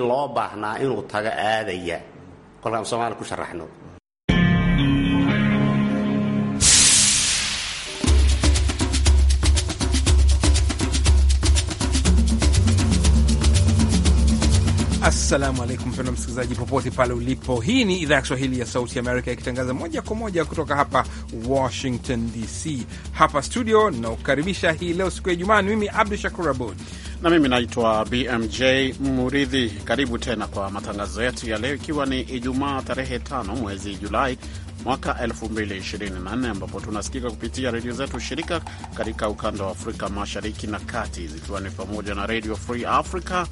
loo baahnaa inuu tago aadaya kolkaan soomaali ku sharaxno Assalamu alaikum mpendwa msikilizaji, popote pale ulipo. Hii ni idhaa ya Kiswahili ya Sauti Amerika ikitangaza moja kwa moja kutoka hapa Washington DC, hapa studio. Naukaribisha hii leo siku ya Ijumaa. Ni mimi Abdu Shakur Abud na mimi naitwa BMJ Muridhi. Karibu tena kwa matangazo yetu ya leo, ikiwa ni Ijumaa tarehe 5 mwezi Julai mwaka 2024 ambapo tunasikika kupitia redio zetu shirika katika ukanda wa Afrika mashariki na kati, zikiwa ni pamoja na Redio Free Africa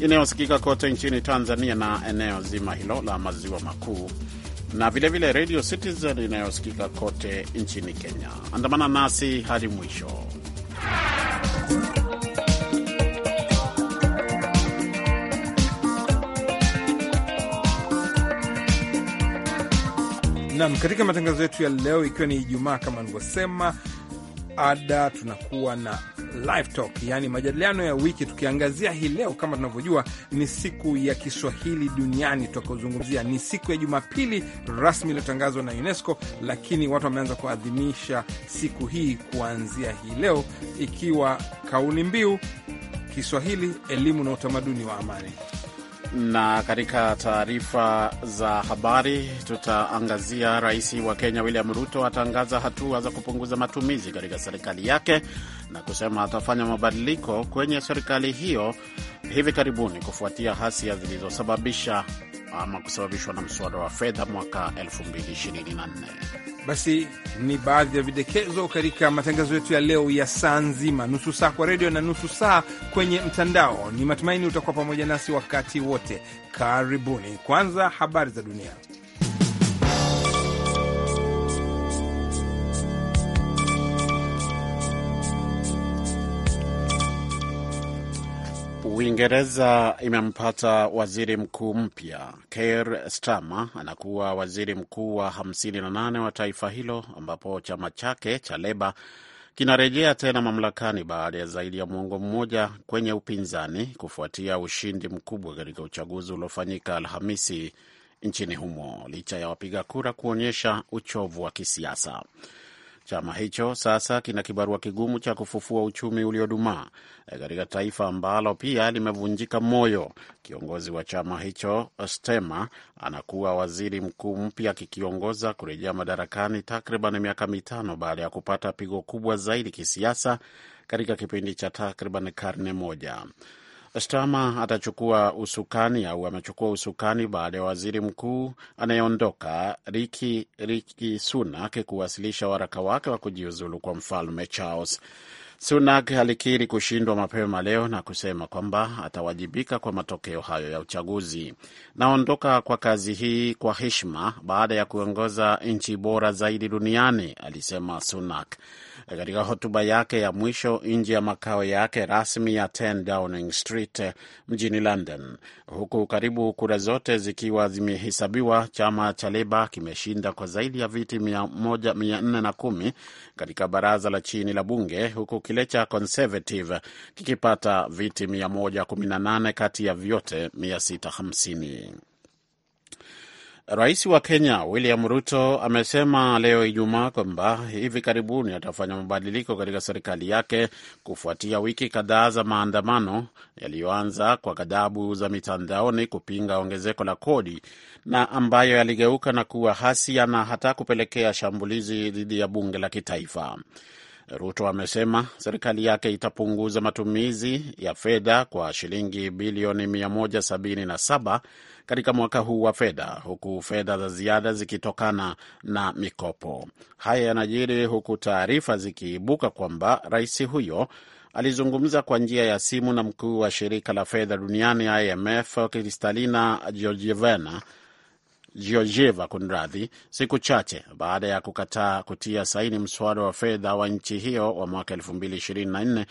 inayosikika kote nchini Tanzania na eneo zima hilo la maziwa makuu na vilevile Redio Citizen inayosikika kote nchini Kenya. Andamana nasi hadi mwisho. Nam, katika matangazo yetu ya leo, ikiwa ni Ijumaa kama alivyosema ada, tunakuwa na live talk, yaani majadiliano ya wiki, tukiangazia hii leo. Kama tunavyojua ni siku ya Kiswahili duniani, tutakaozungumzia ni siku ya Jumapili rasmi iliyotangazwa na UNESCO, lakini watu wameanza kuadhimisha siku hii kuanzia hii leo, ikiwa kauli mbiu Kiswahili, elimu na utamaduni wa amani. Na katika taarifa za habari tutaangazia, rais wa Kenya William Ruto atangaza hatua za kupunguza matumizi katika serikali yake na kusema atafanya mabadiliko kwenye serikali hiyo hivi karibuni kufuatia hasia zilizosababisha ama kusababishwa na mswada wa fedha mwaka 2024. Basi ni baadhi ya vidokezo katika matangazo yetu ya leo ya saa nzima, nusu saa kwa redio na nusu saa kwenye mtandao. Ni matumaini utakuwa pamoja nasi wakati wote. Karibuni. Kwanza habari za dunia. Uingereza imempata waziri mkuu mpya. Keir Starmer anakuwa waziri mkuu wa 58 wa taifa hilo, ambapo chama chake cha Leba kinarejea tena mamlakani baada ya zaidi ya mwongo mmoja kwenye upinzani kufuatia ushindi mkubwa katika uchaguzi uliofanyika Alhamisi nchini humo licha ya wapiga kura kuonyesha uchovu wa kisiasa. Chama hicho sasa kina kibarua kigumu cha kufufua uchumi uliodumaa e, katika taifa ambalo pia limevunjika moyo. Kiongozi wa chama hicho Stema anakuwa waziri mkuu mpya kikiongoza kurejea madarakani takriban miaka mitano baada ya kupata pigo kubwa zaidi kisiasa katika kipindi cha takriban karne moja. Stama atachukua usukani au amechukua usukani baada ya waziri mkuu anayeondoka riki riki Sunak kuwasilisha waraka wake wa kujiuzulu kwa mfalme Charles. Sunak alikiri kushindwa mapema leo na kusema kwamba atawajibika kwa matokeo hayo ya uchaguzi. Naondoka kwa kazi hii kwa heshima baada ya kuongoza nchi bora zaidi duniani, alisema Sunak katika hotuba yake ya mwisho nje ya makao yake rasmi ya 10 Downing Street mjini London. Huku karibu kura zote zikiwa zimehesabiwa, chama cha Leba kimeshinda kwa zaidi ya viti 410 katika baraza la chini la bunge, huku kile cha Conservative kikipata viti 118 kati ya vyote 650. Rais wa Kenya William Ruto amesema leo Ijumaa kwamba hivi karibuni atafanya mabadiliko katika serikali yake kufuatia wiki kadhaa za maandamano yaliyoanza kwa ghadhabu za mitandaoni kupinga ongezeko la kodi na ambayo yaligeuka na kuwa hasia na hata kupelekea shambulizi dhidi ya bunge la kitaifa. Ruto amesema serikali yake itapunguza matumizi ya fedha kwa shilingi bilioni 177 katika mwaka huu wa fedha, huku fedha za ziada zikitokana na mikopo. Haya yanajiri huku taarifa zikiibuka kwamba rais huyo alizungumza kwa njia ya simu na mkuu wa shirika la fedha duniani IMF Kristalina Georgieva Georgieva kunradhi, siku chache baada ya kukataa kutia saini mswada wa fedha wa nchi hiyo wa mwaka 2024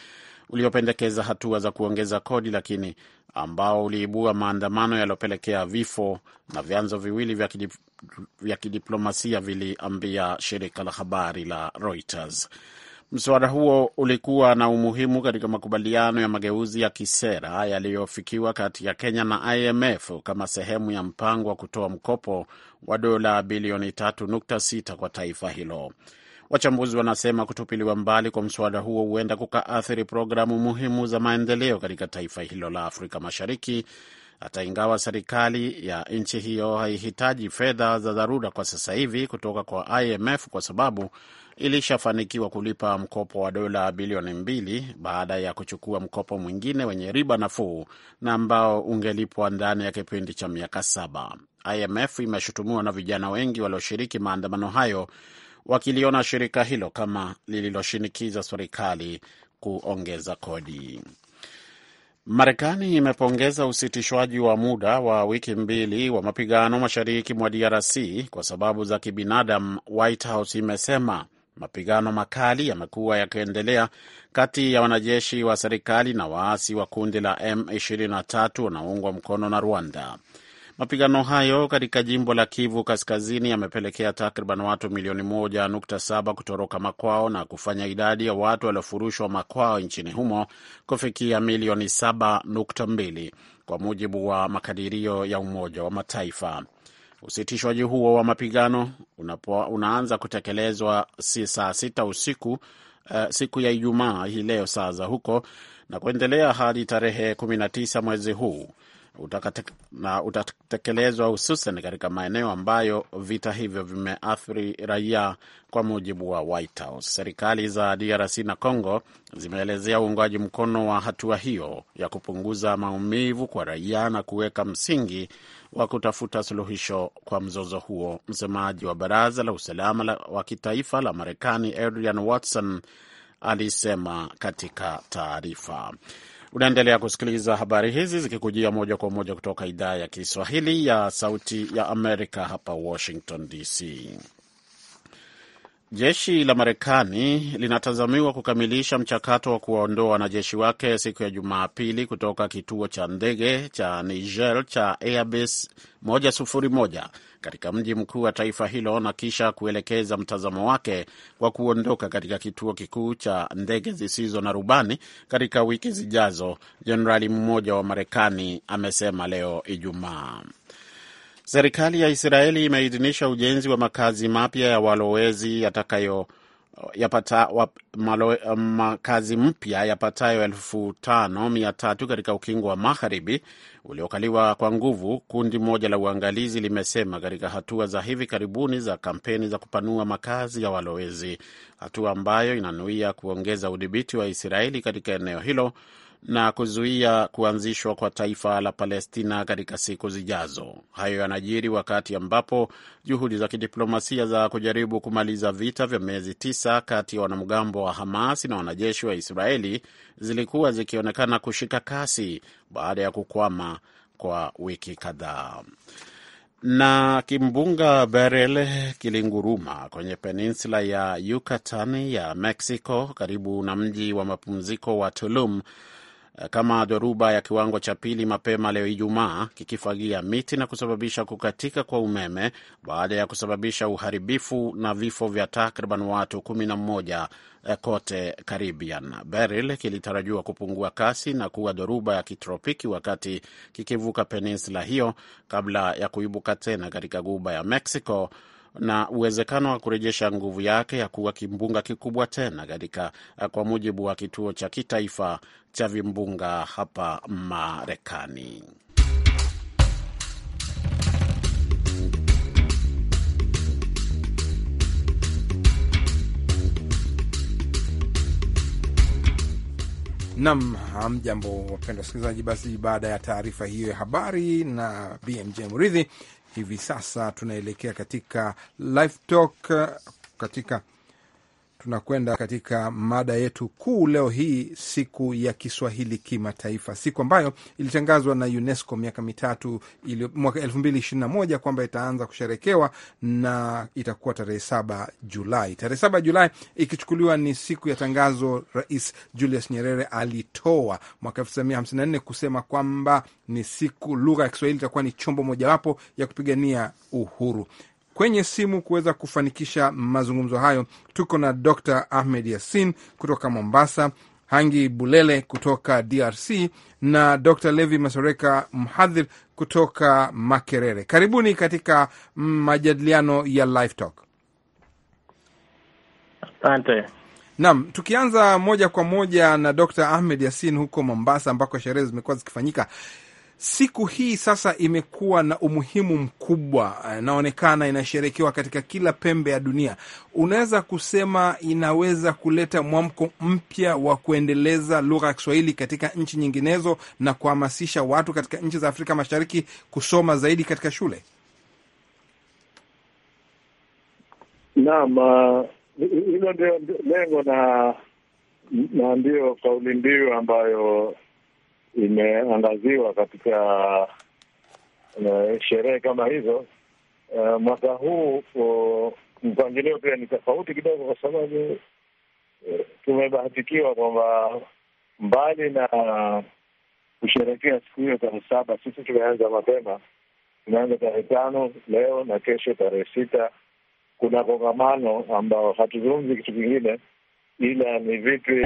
uliopendekeza hatua za kuongeza kodi, lakini ambao uliibua maandamano yaliyopelekea vifo, na vyanzo viwili vya kidip, vya kidiplomasia viliambia shirika la habari la Reuters. Mswada huo ulikuwa na umuhimu katika makubaliano ya mageuzi ya kisera yaliyofikiwa kati ya Kenya na IMF kama sehemu ya mpango wa kutoa mkopo wa dola bilioni 3.6 kwa taifa hilo. Wachambuzi wanasema kutupiliwa mbali kwa mswada huo huenda kukaathiri programu muhimu za maendeleo katika taifa hilo la Afrika Mashariki. Hata ingawa serikali ya nchi hiyo haihitaji fedha za dharura kwa sasa hivi kutoka kwa IMF kwa sababu ilishafanikiwa kulipa mkopo wa dola bilioni mbili baada ya kuchukua mkopo mwingine wenye riba nafuu na ambao ungelipwa ndani ya kipindi cha miaka saba. IMF imeshutumiwa na vijana wengi walioshiriki maandamano hayo wakiliona shirika hilo kama lililoshinikiza serikali kuongeza kodi. Marekani imepongeza usitishwaji wa muda wa wiki mbili wa mapigano mashariki mwa DRC kwa sababu za kibinadamu, White House imesema. Mapigano makali yamekuwa yakiendelea kati ya wanajeshi wa serikali na waasi wa kundi la M23 wanaoungwa mkono na Rwanda. Mapigano hayo katika jimbo la Kivu Kaskazini yamepelekea takriban watu milioni 1.7 kutoroka makwao na kufanya idadi ya watu waliofurushwa makwao nchini humo kufikia milioni 72 kwa mujibu wa makadirio ya Umoja wa Mataifa. Usitishwaji huo wa mapigano unapo, unaanza kutekelezwa si saa sita usiku uh, siku ya Ijumaa hii leo saa za huko na kuendelea hadi tarehe 19 mwezi huu na utatekelezwa hususan katika maeneo ambayo vita hivyo vimeathiri raia, kwa mujibu wa White House. Serikali za DRC na Congo zimeelezea uungaji mkono wa hatua hiyo ya kupunguza maumivu kwa raia na kuweka msingi wa kutafuta suluhisho kwa mzozo huo. Msemaji wa baraza la usalama wa kitaifa la Marekani Adrian Watson alisema katika taarifa. Unaendelea kusikiliza habari hizi zikikujia moja kwa moja kutoka idhaa ya Kiswahili ya Sauti ya Amerika, hapa Washington DC. Jeshi la Marekani linatazamiwa kukamilisha mchakato wa kuwaondoa wanajeshi wake siku ya Jumapili kutoka kituo cha ndege cha Niger cha Airbus 101 katika mji mkuu wa taifa hilo na kisha kuelekeza mtazamo wake kwa kuondoka katika kituo kikuu cha ndege zisizo na rubani katika wiki zijazo, jenerali mmoja wa Marekani amesema leo Ijumaa. Serikali ya Israeli imeidhinisha ujenzi wa makazi mapya ya walowezi yatakayo yapata, um, makazi mpya yapatayo elfu tano mia tatu katika ukingo wa magharibi uliokaliwa kwa nguvu, kundi moja la uangalizi limesema katika hatua za hivi karibuni za kampeni za kupanua makazi ya walowezi, hatua ambayo inanuia kuongeza udhibiti wa Israeli katika eneo hilo na kuzuia kuanzishwa kwa taifa la Palestina katika siku zijazo. Hayo yanajiri wakati ambapo juhudi za kidiplomasia za kujaribu kumaliza vita vya miezi tisa kati ya wanamgambo wa Hamas na wanajeshi wa Israeli zilikuwa zikionekana kushika kasi baada ya kukwama kwa wiki kadhaa. Na kimbunga Beryl kilinguruma kwenye peninsula ya Yucatan ya Mexico karibu na mji wa mapumziko wa Tulum Eh, kama dhoruba ya kiwango cha pili mapema leo Ijumaa, kikifagia miti na kusababisha kukatika kwa umeme baada ya kusababisha uharibifu na vifo vya takriban watu 11 eh, kote Caribbean. Beryl kilitarajiwa kupungua kasi na kuwa dhoruba ya kitropiki wakati kikivuka peninsula hiyo kabla ya kuibuka tena katika guba ya Mexico na uwezekano wa kurejesha nguvu yake ya kuwa kimbunga kikubwa tena katika, eh, kwa mujibu wa kituo cha kitaifa cha vimbunga hapa Marekani. Nam, hamjambo wapenda wasikilizaji. Basi baada ya taarifa hiyo ya habari na BMJ Muridhi, Hivi sasa tunaelekea katika live talk katika tunakwenda katika mada yetu kuu leo hii, siku ya Kiswahili kimataifa, siku ambayo ilitangazwa na UNESCO miaka mitatu mwaka elfu mbili ishirini na moja kwamba itaanza kusherekewa na itakuwa tarehe saba Julai. Tarehe saba Julai ikichukuliwa ni siku ya tangazo Rais Julius Nyerere alitoa mwaka elfu tisa mia hamsini na nne kusema kwamba ni siku lugha ya Kiswahili itakuwa ni chombo mojawapo ya kupigania uhuru kwenye simu kuweza kufanikisha mazungumzo hayo. Tuko na Dr Ahmed yasin kutoka Mombasa, Hangi Bulele kutoka DRC na Dr Levi Masoreka, mhadhir kutoka Makerere. Karibuni katika majadiliano ya Live Talk. Asante. Naam, tukianza moja kwa moja na Dr Ahmed Yasin huko Mombasa, ambako sherehe zimekuwa zikifanyika. Siku hii sasa imekuwa na umuhimu mkubwa, eh, inaonekana inasherekewa katika kila pembe ya dunia. Unaweza kusema inaweza kuleta mwamko mpya wa kuendeleza lugha ya Kiswahili katika nchi nyinginezo na kuhamasisha watu katika nchi za Afrika Mashariki kusoma zaidi katika shule. Naam, ah, hilo ndio lengo na, na ndio kauli mbiu ambayo imeangaziwa katika uh, sherehe kama hizo. Uh, mwaka huu uh, mpangilio pia ni tofauti kidogo, kwa sababu eh, tumebahatikiwa kwamba mbali na kusherehekea siku hiyo tarehe saba, sisi tumeanza mapema. Tumeanza tarehe tano leo na kesho tarehe sita kuna kongamano ambao hatuzungumzi kitu kingine, ila ni vipi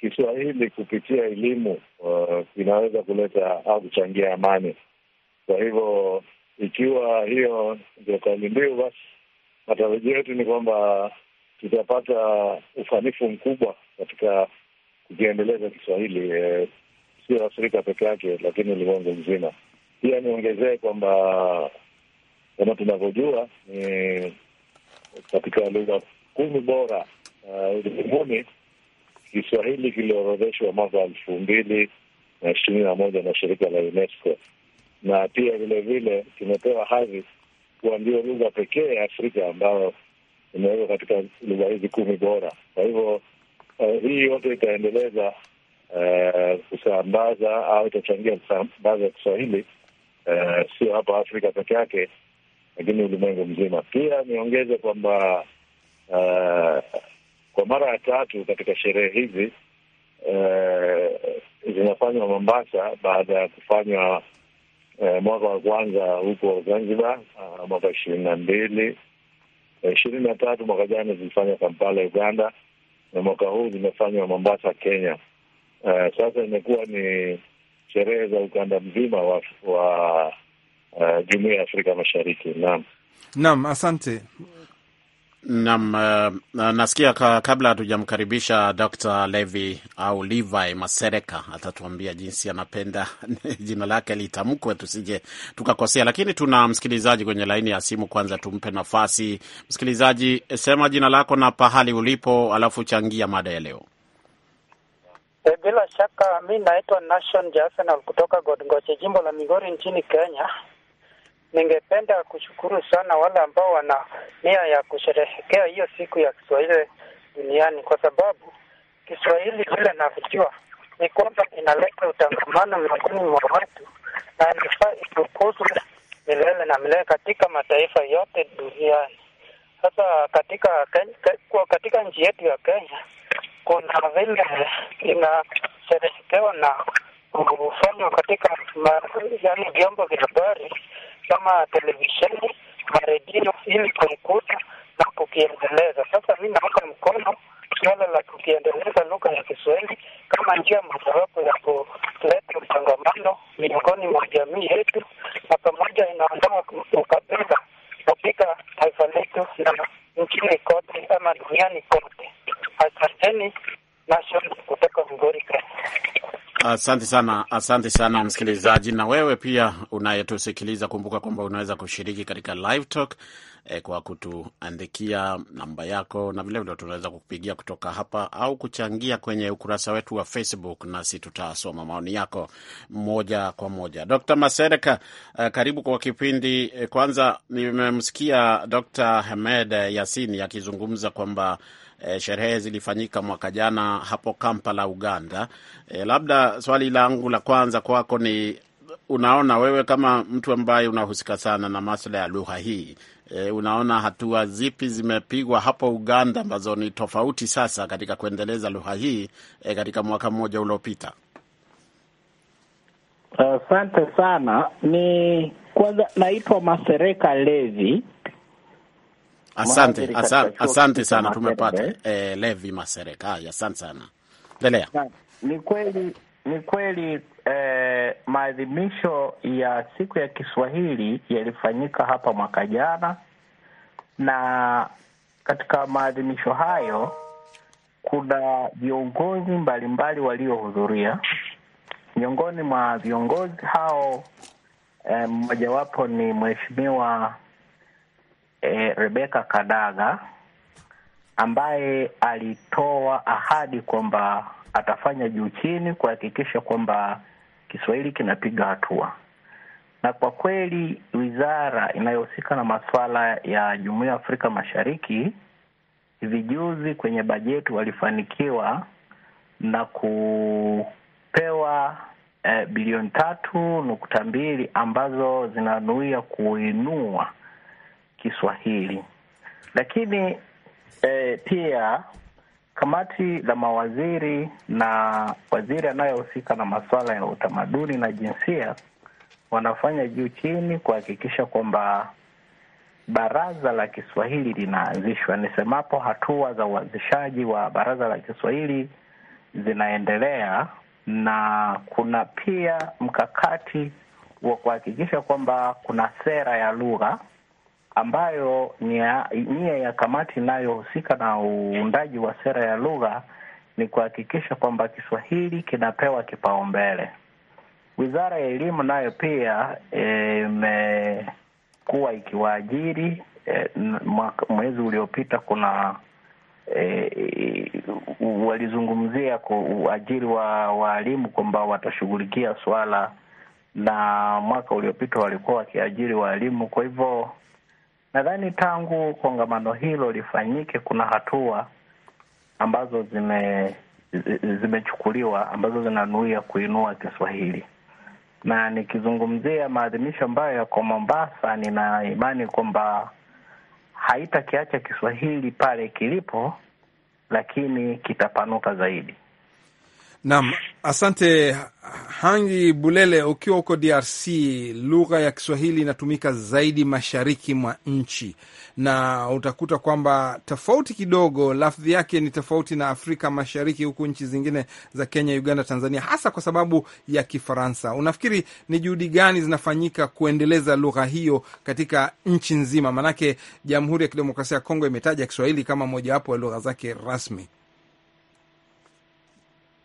Kiswahili kupitia elimu uh, inaweza kuleta au kuchangia amani. Kwa hivyo ikiwa hiyo ndio kauli mbiu, basi matarajio yetu ni kwamba tutapata ufanifu mkubwa katika kukiendeleza Kiswahili eh, sio Afrika peke yake, lakini ulimwengu mzima. Pia niongezee kwamba kama tunavyojua ni katika lugha kumi bora eh, ulimwenguni uh, Kiswahili kiliorodheshwa mwaka elfu mbili na ishirini na moja na shirika la UNESCO na pia vilevile kimepewa hadhi kuwa ndio lugha pekee ya Afrika ambayo imewekwa katika lugha hizi kumi bora. Kwa hivyo uh, hii yote itaendeleza uh, kusambaza au itachangia kusambaza Kiswahili uh, sio hapa Afrika peke yake, lakini ulimwengu mzima. Pia niongeze kwamba uh, kwa mara ya tatu katika sherehe hizi eh, zinafanywa Mombasa baada ya kufanywa eh, mwaka wa kwanza huko Zanzibar ah, mwaka ishirini na mbili eh, ishirini na tatu mwaka jana zilifanywa Kampala, Uganda, na mwaka huu zimefanywa Mombasa, Kenya. Eh, sasa imekuwa ni sherehe za ukanda mzima wa, wa uh, jumuiya ya Afrika Mashariki. Naam, naam, asante. Naam, eh, nasikia ka, kabla hatujamkaribisha Dr. Levi au Levi Masereka atatuambia jinsi anapenda jina lake litamkwe, tusije tukakosea, lakini tuna msikilizaji kwenye laini ya simu. Kwanza tumpe nafasi msikilizaji, sema jina lako na pahali ulipo, alafu changia mada ya leo. E, bila shaka mi naitwa Nation kutoka Godgoche, jimbo la Migori nchini Kenya. Ningependa kushukuru sana wale ambao wana nia ya kusherehekea hiyo siku ya Kiswahili duniani, kwa sababu Kiswahili vile navyojua ni kwamba inaleta utangamano miongoni mwa watu na inafaa itukuzwe milele na milele katika mataifa yote duniani. Sasa katika kwa katika nchi yetu ya Kenya kuna vile inasherehekewa na kufanywa katika yaani vyombo vya habari kama televisheni, maredio ili kuikuta na kukiendeleza. Sasa mi naunga mkono suala la kukiendeleza lugha ya Kiswahili kama njia mojawapo ya kuleta mchangamano miongoni mwa jamii yetu, na pamoja inaondoa ukabila katika taifa letu na nchini kote ama duniani kote. Asanteni, nashon kutoka Mgori. Asante sana, asante sana msikilizaji. Na wewe pia unayetusikiliza, kumbuka kwamba unaweza kushiriki katika live talk eh, kwa kutuandikia namba yako, na vilevile tunaweza kukupigia kutoka hapa au kuchangia kwenye ukurasa wetu wa Facebook, nasi tutasoma maoni yako moja kwa moja. Dr. Masereka, eh, karibu kwa kipindi. Eh, kwanza nimemsikia Dr. Hamed Yasini akizungumza ya kwamba E, sherehe zilifanyika mwaka jana hapo Kampala, Uganda. E, labda swali langu la kwanza kwako ni unaona wewe kama mtu ambaye unahusika sana na masuala ya lugha hii e, unaona hatua zipi zimepigwa hapo Uganda ambazo ni tofauti sasa katika kuendeleza lugha hii e, katika mwaka mmoja uliopita? Asante uh, sana. Ni kwanza naitwa Masereka Levi Asante, asante, sana, tumepata eh, Levi Masereka. Haya, asante sana, endelea. Ni kweli, ni kweli eh, maadhimisho ya siku ya Kiswahili yalifanyika hapa mwaka jana, na katika maadhimisho hayo kuna viongozi mbalimbali waliohudhuria. Miongoni mwa viongozi hao eh, mmojawapo eh, ni mheshimiwa eh, Rebeka Kadaga ambaye alitoa ahadi kwamba atafanya juu chini kuhakikisha kwamba Kiswahili kinapiga hatua, na kwa kweli wizara inayohusika na masuala ya Jumuiya ya Afrika Mashariki hivi juzi kwenye bajeti walifanikiwa na kupewa eh, bilioni tatu nukta mbili ambazo zinanuia kuinua Kiswahili. Lakini e, pia kamati la mawaziri na waziri anayehusika na masuala ya utamaduni na jinsia wanafanya juu chini kuhakikisha kwamba baraza la Kiswahili linaanzishwa. Nisemapo hatua za uanzishaji wa baraza la Kiswahili zinaendelea, na kuna pia mkakati wa kuhakikisha kwamba kuna sera ya lugha ambayo nia ya kamati inayohusika na uundaji wa sera ya lugha ni kuhakikisha kwamba Kiswahili kinapewa kipaumbele. Wizara ya Elimu nayo pia e, imekuwa e, ikiwaajiri e, mwezi uliopita kuna e, walizungumzia uajiri wa waalimu kwamba watashughulikia swala, na mwaka uliopita walikuwa wakiajiri waalimu. Kwa hivyo Nadhani tangu kongamano hilo lifanyike kuna hatua ambazo zime zimechukuliwa ambazo zinanuia kuinua Kiswahili, na nikizungumzia maadhimisho ambayo yako Mombasa, nina imani kwamba haitakiacha Kiswahili pale kilipo, lakini kitapanuka zaidi. Naam, asante Hangi Bulele, ukiwa huko DRC, lugha ya Kiswahili inatumika zaidi mashariki mwa nchi, na utakuta kwamba tofauti kidogo, lafdhi yake ni tofauti na Afrika Mashariki, huku nchi zingine za Kenya, Uganda, Tanzania, hasa kwa sababu ya Kifaransa. Unafikiri ni juhudi gani zinafanyika kuendeleza lugha hiyo katika nchi nzima? Maanake Jamhuri ya Kidemokrasia ya Kongo imetaja Kiswahili kama mojawapo ya lugha zake rasmi.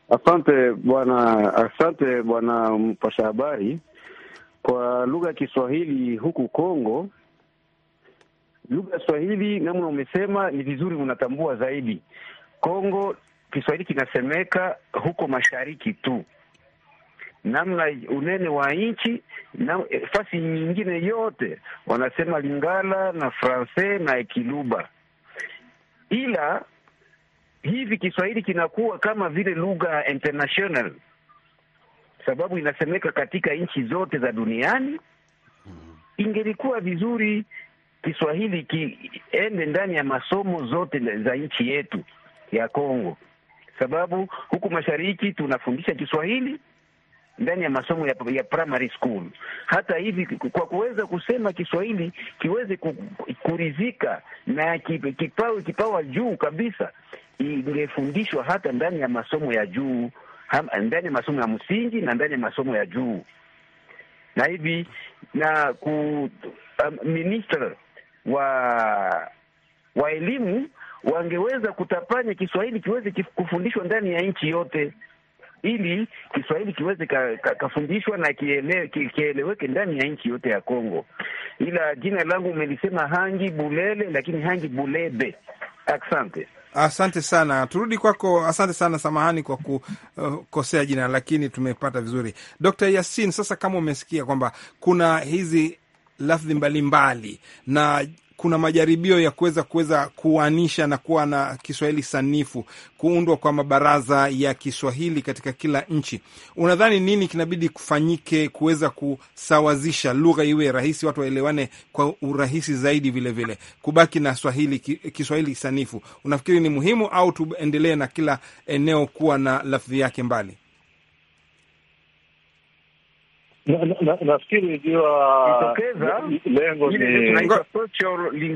Asante bwana, asante bwana mpasha habari. Kwa lugha ya Kiswahili huku Kongo, lugha ya Kiswahili namna umesema ni vizuri, unatambua zaidi Kongo. Kiswahili kinasemeka huko mashariki tu, namna unene wa nchi na fasi nyingine yote wanasema Lingala na Francais na Ekiluba, ila hivi Kiswahili kinakuwa kama vile lugha international, sababu inasemeka katika nchi zote za duniani. Ingelikuwa vizuri Kiswahili kiende ndani ya masomo zote za nchi yetu ya Kongo, sababu huku mashariki tunafundisha Kiswahili ndani ya masomo ya, ya primary school. Hata hivi kwa kuweza kusema Kiswahili kiweze kurizika na kipawe kipawa juu kabisa, ingefundishwa hata ndani ya masomo ya juu, ndani ya masomo ya msingi na ndani ya masomo ya juu, na hivi na ku um, minister wa wa elimu wangeweza kutapanya Kiswahili kiweze kufundishwa ndani ya nchi yote ili Kiswahili kiweze kafundishwa ka, ka na kiele, kieleweke ndani ya nchi yote ya Kongo. Ila jina langu umelisema Hangi Bulele, lakini Hangi Bulebe. Asante. Asante sana, turudi kwako. Asante sana, samahani kwa uh, kukosea uh, jina, lakini tumepata vizuri. Dr. Yasin, sasa kama umesikia kwamba kuna hizi lafdhi mbalimbali na kuna majaribio ya kuweza kuweza kuanisha na kuwa na Kiswahili sanifu, kuundwa kwa mabaraza ya Kiswahili katika kila nchi. Unadhani nini kinabidi kufanyike kuweza kusawazisha lugha iwe rahisi, watu waelewane kwa urahisi zaidi, vilevile vile, kubaki na Swahili, Kiswahili sanifu? Unafikiri ni muhimu au tuendelee na kila eneo kuwa na lafdhi yake mbali? Nafikiri ikiwa lengo ni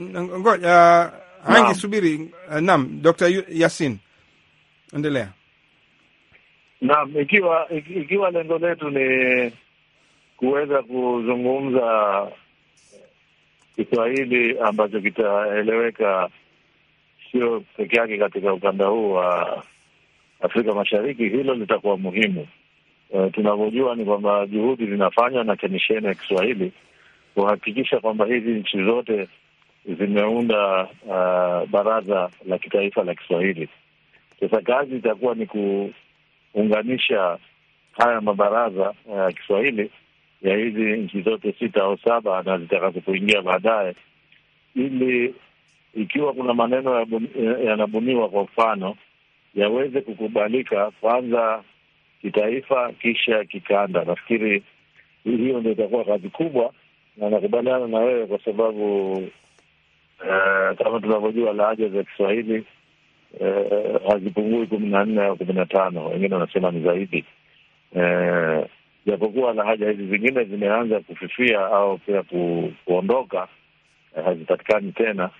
ngoja hangi subiri. Uh, naam, Dr. Yasin, endelea. Naam, ikiwa ikiwa lengo letu ni kuweza kuzungumza Kiswahili ambacho kitaeleweka sio peke yake katika ukanda huu wa Afrika Mashariki, hilo litakuwa muhimu. Uh, tunavyojua ni kwamba juhudi zinafanywa na kemisheni ya Kiswahili kuhakikisha kwamba hizi nchi zote zimeunda uh, baraza la kitaifa la Kiswahili. Sasa kazi itakuwa ni kuunganisha haya mabaraza eh, ya uh, Kiswahili ya hizi nchi zote sita au saba na zitakazo kuingia baadaye, ili ikiwa kuna maneno yanabuniwa ya kwa mfano yaweze kukubalika kwanza kitaifa, kisha kikanda. Nafikiri hiyo ndio itakuwa kazi kubwa, na nakubaliana na wewe kwa sababu uh, kama tunavyojua lahaja za Kiswahili uh, hazipungui kumi na nne au kumi na tano, wengine wanasema ni zaidi uh, japokuwa lahaja hizi zingine zimeanza kufifia au pia ku, kuondoka hazipatikani tena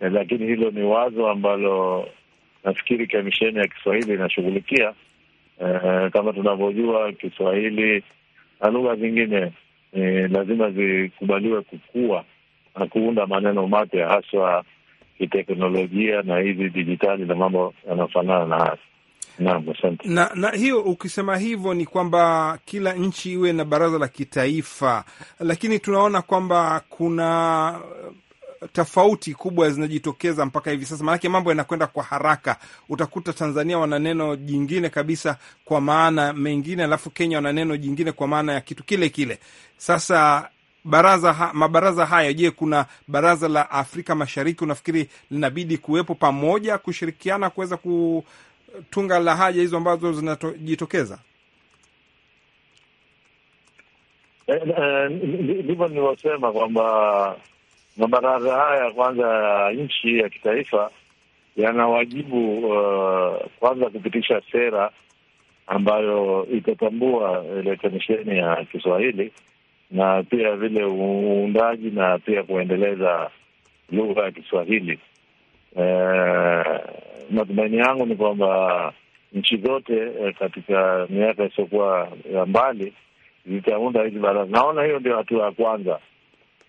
lakini hilo ni wazo ambalo nafikiri kamisheni ya Kiswahili inashughulikia eh, kama tunavyojua Kiswahili na lugha zingine eh, lazima zikubaliwe kukua na kuunda maneno mapya haswa kiteknolojia na hizi dijitali na mambo yanayofanana na hayo. Na, na hiyo ukisema hivyo ni kwamba kila nchi iwe na baraza la kitaifa, lakini tunaona kwamba kuna tofauti kubwa zinajitokeza mpaka hivi sasa, maanake mambo yanakwenda kwa haraka. Utakuta Tanzania wana neno jingine kabisa kwa maana mengine, alafu Kenya wana neno jingine kwa maana ya kitu kile kile. Sasa baraza ha, mabaraza haya, je, kuna baraza la Afrika Mashariki unafikiri linabidi kuwepo pamoja kushirikiana kuweza kutunga lahaja hizo ambazo zinajitokeza? Eh, eh, ndivyo nilivyosema kwamba mabaraza haya kwanza ya nchi ya kitaifa yana wajibu uh, kwanza kupitisha sera ambayo itatambua ile kamisheni ya Kiswahili na pia vile uundaji na pia kuendeleza lugha ya Kiswahili. E, matumaini yangu ni kwamba nchi zote e, katika miaka isiyokuwa ya mbali zitaunda hizi baraza. Naona hiyo ndio hatua ya kwanza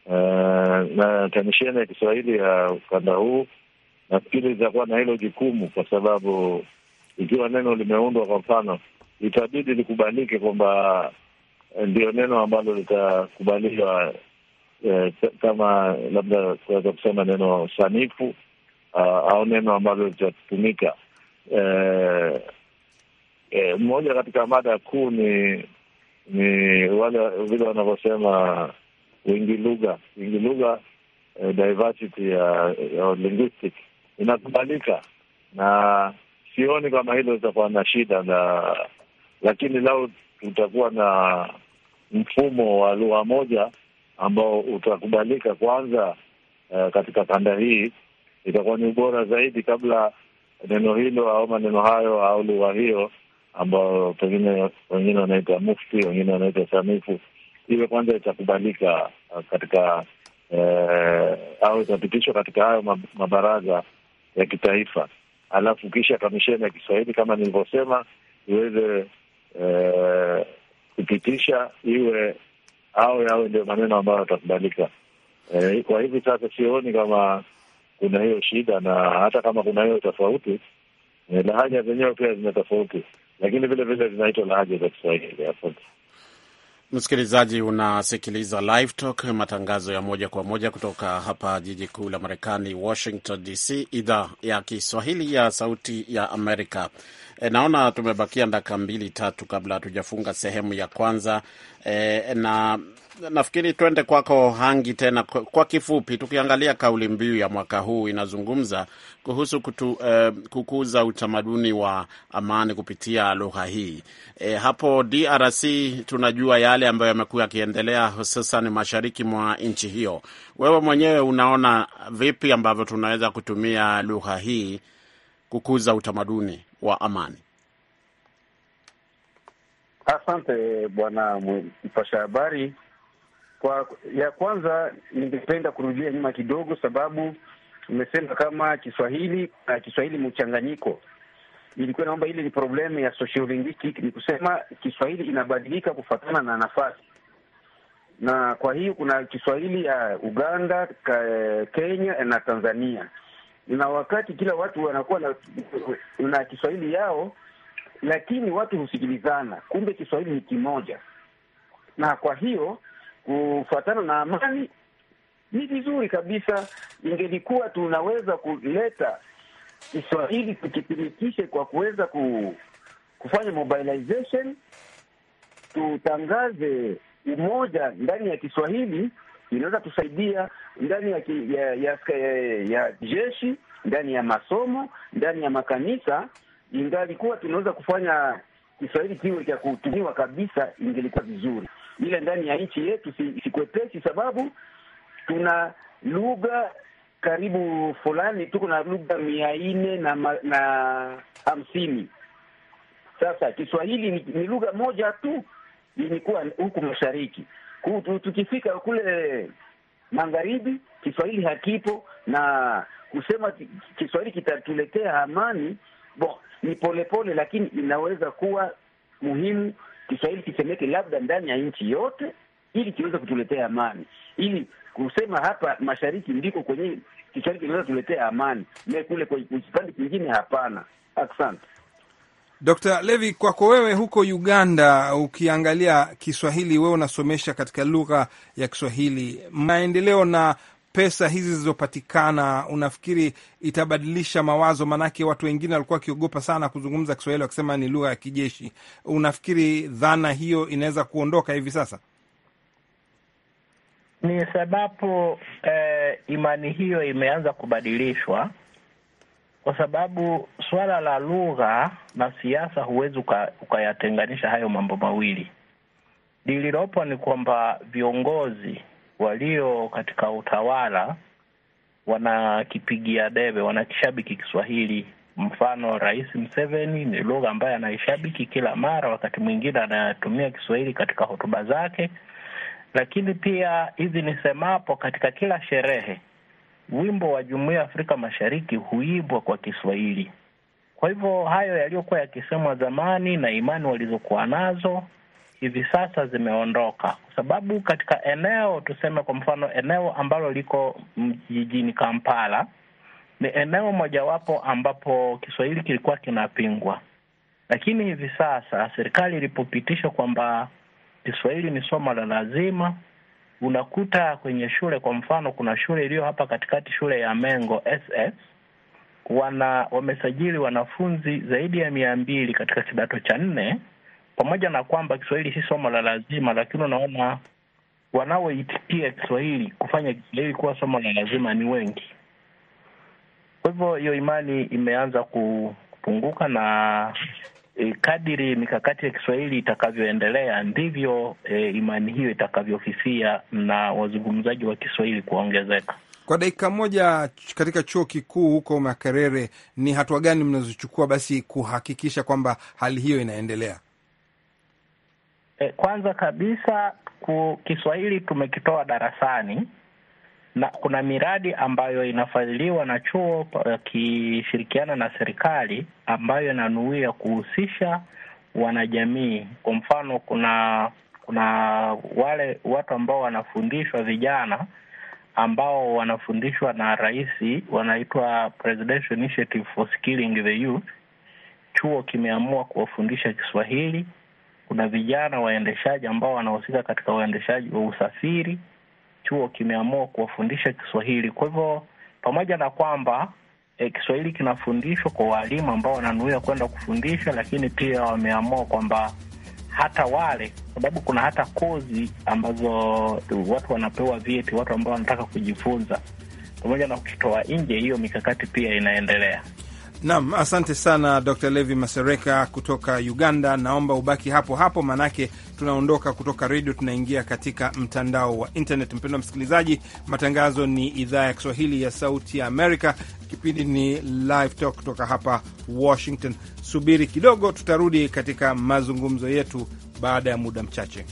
Eh, na kamisheni ya Kiswahili ya ukanda huu nafikiri litakuwa na hilo jukumu, kwa sababu ikiwa neno limeundwa, kwa mfano, itabidi likubalike kwamba eh, ndio neno ambalo litakubaliwa eh, kama labda tunaweza kusema neno sanifu uh, au neno ambalo litatumika eh, eh, mmoja katika mada kuu ni ni wale vile wanavyosema wingi lugha, wingi lugha, eh, diversity ya uh, linguistic inakubalika, na sioni kama hilo litakuwa na shida na, lakini lao tutakuwa na mfumo wa lugha moja ambao utakubalika kwanza, uh, katika kanda hii itakuwa ni ubora zaidi, kabla neno hilo au maneno hayo au lugha hiyo ambayo pengine wengine wanaita mufti, wengine wanaita sanifu iwe kwanza itakubalika uh, katika eh, au itapitishwa katika hayo mabaraza ya kitaifa, alafu kisha kamisheni ya Kiswahili kama nilivyosema iweze eh, kupitisha iwe au yawe ndio maneno ambayo yatakubalika. Eh, kwa hivi sasa sioni kama kuna hiyo shida, na hata kama kuna hiyo tofauti eh, lahaja zenyewe pia zina tofauti, lakini vile vile zinaitwa lahaja za Kiswahili. Asante. Msikilizaji, unasikiliza Live Talk, matangazo ya moja kwa moja kutoka hapa jiji kuu la Marekani, Washington DC, idhaa ya Kiswahili ya Sauti ya Amerika. E, naona tumebakia dakika mbili tatu kabla hatujafunga sehemu ya kwanza. E, na nafikiri twende kwako Hangi tena kwa, kwa kifupi, tukiangalia kauli mbiu ya mwaka huu inazungumza kuhusu kutu, eh, kukuza utamaduni wa amani kupitia lugha hii. Eh, hapo DRC tunajua yale ambayo yamekuwa yakiendelea hususan mashariki mwa nchi hiyo. Wewe mwenyewe unaona vipi ambavyo tunaweza kutumia lugha hii kukuza utamaduni wa amani? Asante bwana mpasha habari. Kwa ya kwanza, ningependa kurudia nyuma kidogo, sababu umesema kama Kiswahili na Kiswahili mchanganyiko. Ilikuwa naomba ile ni problemu ya sociolinguistic, ni kusema Kiswahili inabadilika kufatana na nafasi, na kwa hiyo kuna Kiswahili ya Uganda Kenya na Tanzania, na wakati kila watu wanakuwa na, na Kiswahili yao, lakini watu husikilizana, kumbe Kiswahili ni kimoja, na kwa hiyo kufuatana na amani, ni vizuri kabisa. Ingelikuwa tunaweza kuleta Kiswahili tukitumikishe kwa kuweza ku, kufanya mobilization, tutangaze umoja ndani ya Kiswahili inaweza tusaidia ndani ya, ki, ya, ya, ya, ya jeshi ndani ya masomo ndani ya makanisa. Ingalikuwa tunaweza kufanya Kiswahili kiwe cha kutumiwa kabisa, ingelikuwa vizuri ile ndani ya nchi yetu sikwepesi, sababu tuna lugha karibu fulani, tuko na lugha mia nne na, na hamsini. Sasa Kiswahili ni, ni lugha moja tu yenye kuwa huku mashariki. Tukifika kule magharibi, Kiswahili hakipo, na kusema Kiswahili kitatuletea amani, bo, ni polepole pole, lakini inaweza kuwa muhimu Kiswahili kisemeke labda ndani ya nchi yote, ili kiweze kutuletea amani, ili kusema hapa mashariki ndiko kwenye Kiswahili kinaweza kutuletea amani, me kule kipande kingine hapana. Asante. Dr. Levi, kwako wewe huko Uganda, ukiangalia Kiswahili, wewe unasomesha katika lugha ya Kiswahili, maendeleo na pesa hizi zilizopatikana unafikiri itabadilisha mawazo? Maanake watu wengine walikuwa wakiogopa sana kuzungumza Kiswahili wakisema ni lugha ya kijeshi. Unafikiri dhana hiyo inaweza kuondoka hivi sasa? Ni sababu eh, imani hiyo imeanza kubadilishwa kwa sababu suala la lugha na siasa huwezi ukayatenganisha hayo mambo mawili. Lililopo ni kwamba viongozi walio katika utawala wanakipigia debe, wanakishabiki Kiswahili. Mfano, Rais Mseveni ni lugha ambayo anaishabiki kila mara, wakati mwingine anatumia Kiswahili katika hotuba zake, lakini pia hivi nisemapo, katika kila sherehe wimbo wa Jumuiya ya Afrika Mashariki huimbwa kwa Kiswahili. Kwa hivyo hayo yaliyokuwa yakisemwa zamani na imani walizokuwa nazo hivi sasa zimeondoka, kwa sababu katika eneo tuseme, kwa mfano eneo ambalo liko jijini Kampala ni eneo mojawapo ambapo Kiswahili kilikuwa kinapingwa, lakini hivi sasa serikali ilipopitisha kwamba Kiswahili ni somo la lazima, unakuta kwenye shule, kwa mfano, kuna shule iliyo hapa katikati, shule ya Mengo SS, wana wamesajili wanafunzi zaidi ya mia mbili katika kidato cha nne pamoja na kwamba Kiswahili si somo la lazima, lakini unaona wanaoitikia Kiswahili kufanya Kiswahili kuwa somo la lazima ni wengi. Kwa hivyo hiyo imani imeanza kupunguka, na e, kadiri mikakati ya Kiswahili itakavyoendelea ndivyo e, imani hiyo itakavyofifia na wazungumzaji wa Kiswahili kuongezeka. Kwa dakika moja, katika chuo kikuu huko Makerere, ni hatua gani mnazochukua basi kuhakikisha kwamba hali hiyo inaendelea? E, kwanza kabisa ku, Kiswahili tumekitoa darasani na kuna miradi ambayo inafadhiliwa na chuo yakishirikiana eh, na serikali ambayo inanuia kuhusisha wanajamii. Kwa mfano, kuna kuna wale watu ambao wanafundishwa vijana ambao wanafundishwa na rais, wanaitwa Presidential Initiative for Skilling the Youth. Chuo kimeamua kuwafundisha Kiswahili kuna vijana waendeshaji ambao wanahusika katika uendeshaji wa usafiri, chuo kimeamua kuwafundisha Kiswahili. Kwa hivyo pamoja na kwamba e, Kiswahili kinafundishwa kwa walimu ambao wananuia kwenda kufundisha, lakini pia wameamua kwamba hata wale sababu kuna hata kozi ambazo watu wanapewa vyeti, watu ambao wanataka kujifunza, pamoja na kukitoa nje, hiyo mikakati pia inaendelea. Naam, asante sana Dr Levi Masereka kutoka Uganda. Naomba ubaki hapo hapo, maanake tunaondoka kutoka redio, tunaingia katika mtandao wa internet. Mpendwa msikilizaji, matangazo ni idhaa ya Kiswahili ya Sauti ya Amerika. Kipindi ni Live Talk kutoka hapa Washington. Subiri kidogo, tutarudi katika mazungumzo yetu baada ya muda mchache.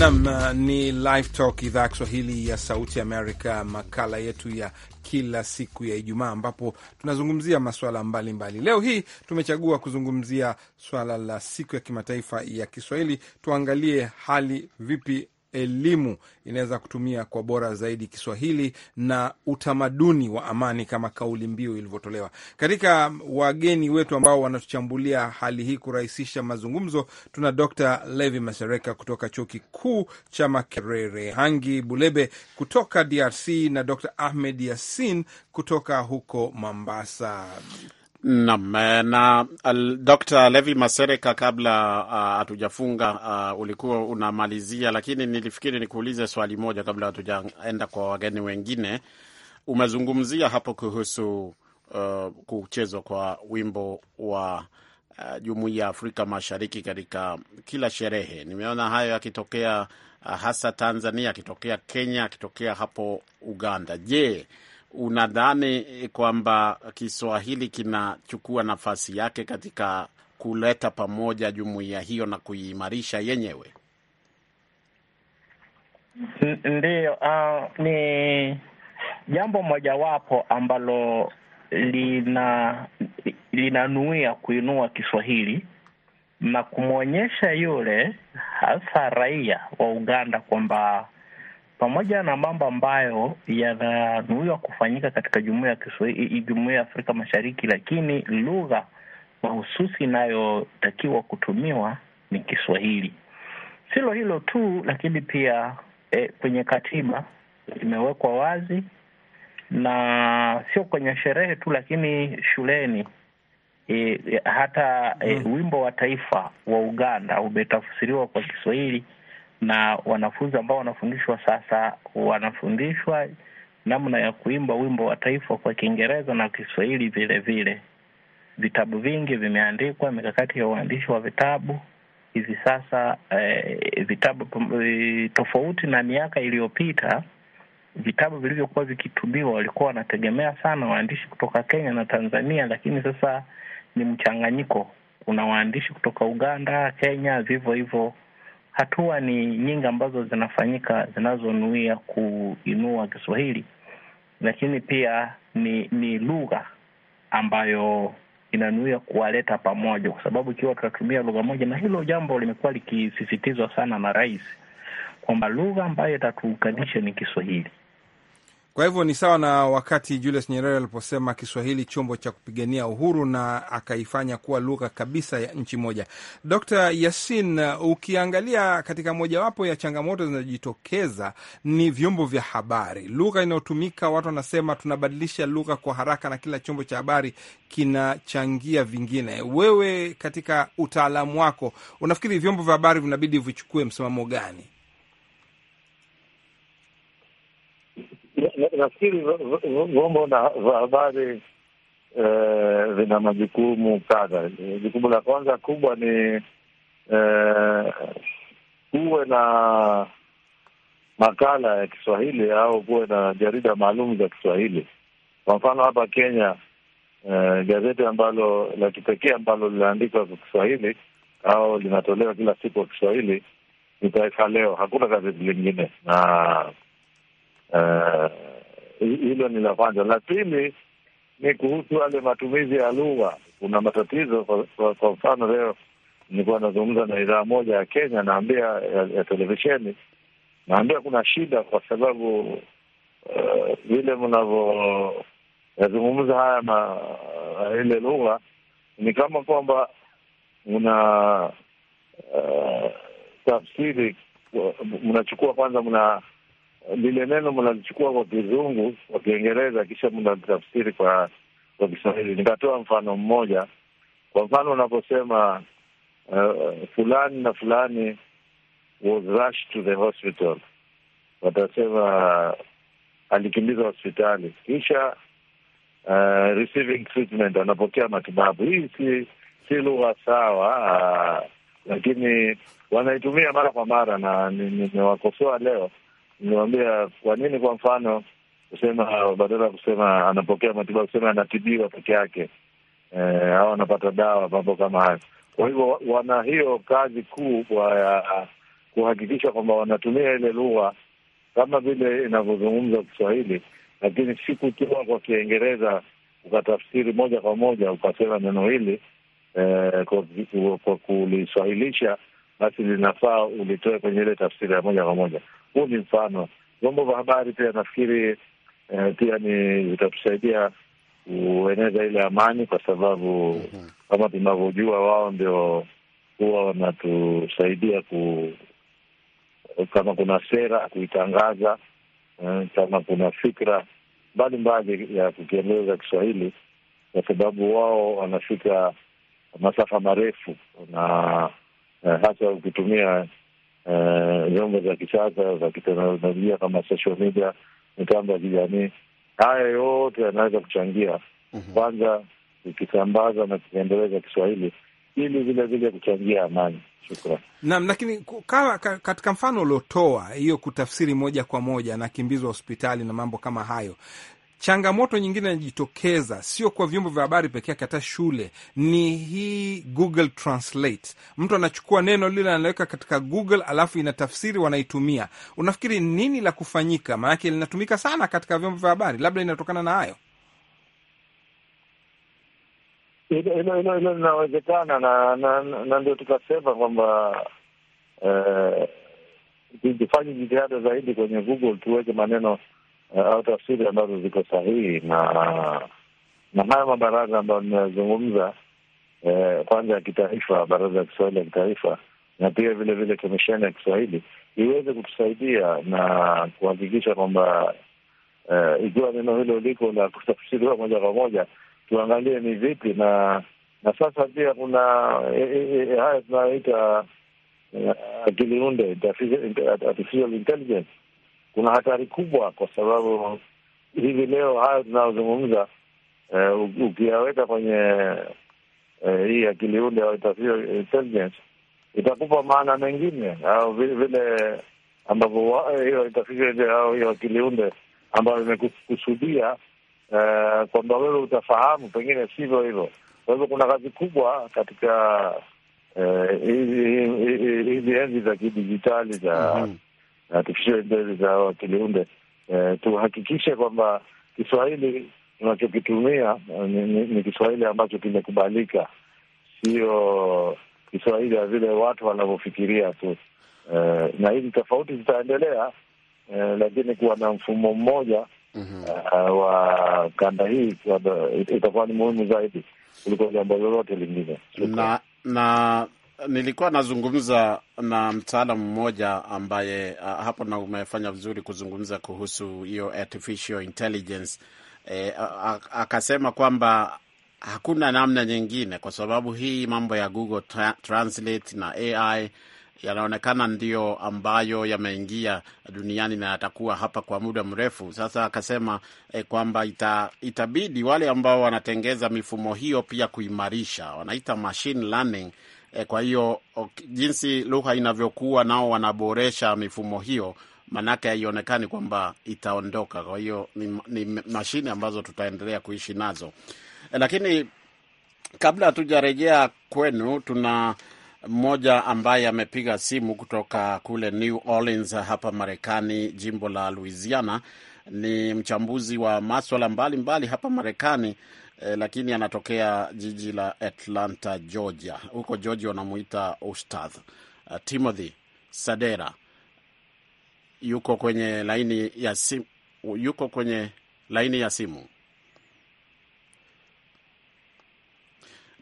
Nam uh, ni Live Talk, idhaa ya Kiswahili ya Sauti Amerika, makala yetu ya kila siku ya Ijumaa ambapo tunazungumzia masuala mbalimbali. Leo hii tumechagua kuzungumzia swala la siku ya kimataifa ya Kiswahili. Tuangalie hali vipi elimu inaweza kutumia kwa bora zaidi Kiswahili na utamaduni wa amani, kama kauli mbiu ilivyotolewa. Katika wageni wetu ambao wanatuchambulia hali hii kurahisisha mazungumzo, tuna Dr Levi Masereka kutoka chuo kikuu cha Makerere, Hangi Bulebe kutoka DRC na Dr Ahmed Yasin kutoka huko Mombasa. Naam, na uh, Dr. Levi Masereka, kabla uh, hatujafunga uh, uh, ulikuwa unamalizia, lakini nilifikiri nikuulize swali moja kabla hatujaenda kwa wageni wengine. Umezungumzia hapo kuhusu uh, kuchezwa kwa wimbo wa uh, Jumuiya ya Afrika Mashariki katika kila sherehe. Nimeona hayo yakitokea uh, hasa Tanzania, akitokea Kenya, akitokea hapo Uganda. Je, unadhani kwamba Kiswahili kinachukua nafasi yake katika kuleta pamoja jumuiya hiyo na kuiimarisha yenyewe? Ndiyo, uh, ni jambo mojawapo ambalo lina linanuia kuinua Kiswahili na kumwonyesha yule hasa raia wa Uganda kwamba pamoja na mambo ambayo yananuiwa kufanyika katika jumuiya ya Afrika Mashariki, lakini lugha mahususi inayotakiwa kutumiwa ni Kiswahili. Silo hilo tu, lakini pia eh, kwenye katiba imewekwa wazi, na sio kwenye sherehe tu, lakini shuleni e, e hata e, mm. wimbo wa taifa wa Uganda umetafsiriwa kwa Kiswahili na wanafunzi ambao wanafundishwa sasa wanafundishwa namna ya kuimba wimbo wa taifa kwa Kiingereza na Kiswahili vile vile. Vitabu vingi vimeandikwa, mikakati ya uandishi wa vitabu hivi sasa eh, vitabu eh, tofauti na miaka iliyopita. Vitabu vilivyokuwa vikitumiwa walikuwa wanategemea sana waandishi kutoka Kenya na Tanzania, lakini sasa ni mchanganyiko. Kuna waandishi kutoka Uganda, Kenya, vivyo hivyo hatua ni nyingi ambazo zinafanyika zinazonuia kuinua Kiswahili, lakini pia ni ni lugha ambayo inanuia kuwaleta pamoja, kwa sababu ikiwa tutatumia lugha moja, na hilo jambo limekuwa likisisitizwa sana na rais kwamba lugha ambayo itatuunganisha ni Kiswahili. Kwa hivyo ni sawa na wakati Julius Nyerere aliposema Kiswahili chombo cha kupigania uhuru, na akaifanya kuwa lugha kabisa ya nchi moja. Dr. Yasin, ukiangalia katika mojawapo ya changamoto zinazojitokeza ni vyombo vya habari, lugha inayotumika. Watu wanasema tunabadilisha lugha kwa haraka na kila chombo cha habari kinachangia vingine. Wewe katika utaalamu wako unafikiri vyombo vya habari vinabidi vichukue msimamo gani? nafikiri vyombo vya habari eh, vina eh, majukumu kadha. Jukumu la kwanza kubwa ni kuwe eh, na makala ya Kiswahili au kuwe na jarida maalum za Kiswahili. Kwa mfano hapa Kenya eh, gazeti ambalo la kipekee ambalo linaandikwa kwa Kiswahili au linatolewa kila siku kwa Kiswahili ni Taifa Leo. Hakuna gazeti lingine na eh, hilo ni la kwanza. La pili ni kuhusu yale matumizi ya lugha. Kuna matatizo kwa, mfano leo nilikuwa nazungumza na idhaa moja ya Kenya naambia ya, ya televisheni naambia kuna shida kwa sababu uh, eh, mnavyoyazungumza haya ma, uh, ile lugha ni kama kwamba mna uh, eh, tafsiri mnachukua kwanza mna lile neno mnalichukua kwa Kizungu, kwa Kiingereza, kisha mnatafsiri kwa kwa Kiswahili. Nikatoa mfano mmoja, kwa mfano unaposema uh, fulani na fulani was rushed to the hospital, watasema uh, alikimbiza hospitali, kisha uh, receiving treatment, anapokea matibabu. Hii si si lugha sawa, uh, lakini wanaitumia mara kwa mara na nimewakosoa leo nimemwambia kwa nini, kwa mfano kusema badala ya kusema anapokea matibabu kusema anatibiwa peke yake eh, au anapata dawa, mambo kama hayo. Kwa hivyo wana hiyo kazi kubwa ya kuhakikisha kwamba wanatumia ile lugha kama vile inavyozungumza Kiswahili, lakini si kutoa kwa Kiingereza ukatafsiri moja kwa moja ukasema neno hili eh, kwa, kwa kuliswahilisha basi linafaa ulitoe kwenye ile tafsiri ya moja kwa moja. Huu ni mfano. Vyombo vya habari pia nafikiri eh, pia ni vitatusaidia kueneza ile amani, kwa sababu mm-hmm. kama tunavyojua wao ndio huwa wanatusaidia ku kama kuna sera kuitangaza, eh, kama kuna fikra mbalimbali ya kukieleza Kiswahili, kwa sababu wao wanafika masafa marefu na eh, hasa ukitumia Eh, vyombo uh, vya kisasa vya kiteknolojia kama social media, mitambo ya kijamii. Haya yote yanaweza kuchangia mhm. kwanza, mm -hmm. ukisambaza na kukiendeleza Kiswahili ili vilevile kuchangia amani. Shukrani. Naam, lakini kama katika mfano uliotoa hiyo, kutafsiri moja kwa moja, anakimbizwa hospitali na mambo kama hayo, Changamoto nyingine inajitokeza sio kwa vyombo vya habari peke yake, hata shule. Ni hii Google Translate, mtu anachukua neno lile anaweka katika Google alafu inatafsiri, wanaitumia. Unafikiri nini la kufanyika? Maanake linatumika sana katika vyombo vya habari, labda inatokana na hayo. Hilo hilo linawezekana, na na, na ndio tukasema kwamba eh, tufanye jitihada zaidi kwenye Google tuweke maneno Eh, au tafsiri ambazo ziko sahihi, na na haya mabaraza ambayo nimeyazungumza, eh, kwanza ya kitaifa, baraza ya Kiswahili ya kitaifa na pia vile vile kamisheni ya Kiswahili iweze kutusaidia na kuhakikisha kwamba eh, ikiwa neno hilo liko la kutafsiriwa moja kwa moja, tuangalie ni vipi. Na na sasa pia kuna eh, eh, haya tunayoita akili unde artificial intelligence kuna hatari kubwa, kwa sababu hivi leo hayo tunayozungumza, uh, eh, ukiyaweka kwenye uh, hii akili unde au intelligence itakupa maana mengine au vile ambavyo hiyo artificial au hiyo akili unde ambayo imekusudia eh, kwamba wewe utafahamu, pengine sivyo hivyo. Kwa hivyo kuna kazi kubwa katika hizi enzi za kidijitali za mm-hmm na za wakiliunde e, tuhakikishe kwamba Kiswahili tunachokitumia eh, ni, ni, ni Kiswahili ambacho kimekubalika, sio Kiswahili ya vile watu wanavyofikiria tu e, na hizi tofauti zitaendelea e, lakini kuwa na mfumo mmoja mm -hmm. uh, wa kanda hii itakuwa ni muhimu zaidi kuliko jambo lolote lingine na na nilikuwa nazungumza na mtaalamu mmoja ambaye hapo na umefanya vizuri kuzungumza kuhusu hiyo artificial intelligence e, akasema kwamba hakuna namna nyingine kwa sababu hii mambo ya Google tra Translate na AI yanaonekana ndiyo ambayo yameingia duniani na yatakuwa hapa kwa muda mrefu. Sasa akasema eh, kwamba ita, itabidi wale ambao wanatengeza mifumo hiyo pia kuimarisha, wanaita machine learning E, kwa hiyo jinsi lugha inavyokuwa nao wanaboresha mifumo hiyo, maanake haionekani kwamba itaondoka. Kwa hiyo ni, ni mashine ambazo tutaendelea kuishi nazo e, lakini kabla hatujarejea kwenu, tuna mmoja ambaye amepiga simu kutoka kule New Orleans hapa Marekani, jimbo la Louisiana. Ni mchambuzi wa maswala mbalimbali mbali hapa Marekani eh, lakini anatokea jiji la Atlanta, Georgia. Huko Georgia wanamuita ustadh. Uh, Timothy Sadera yuko kwenye laini ya simu, yuko kwenye laini ya simu.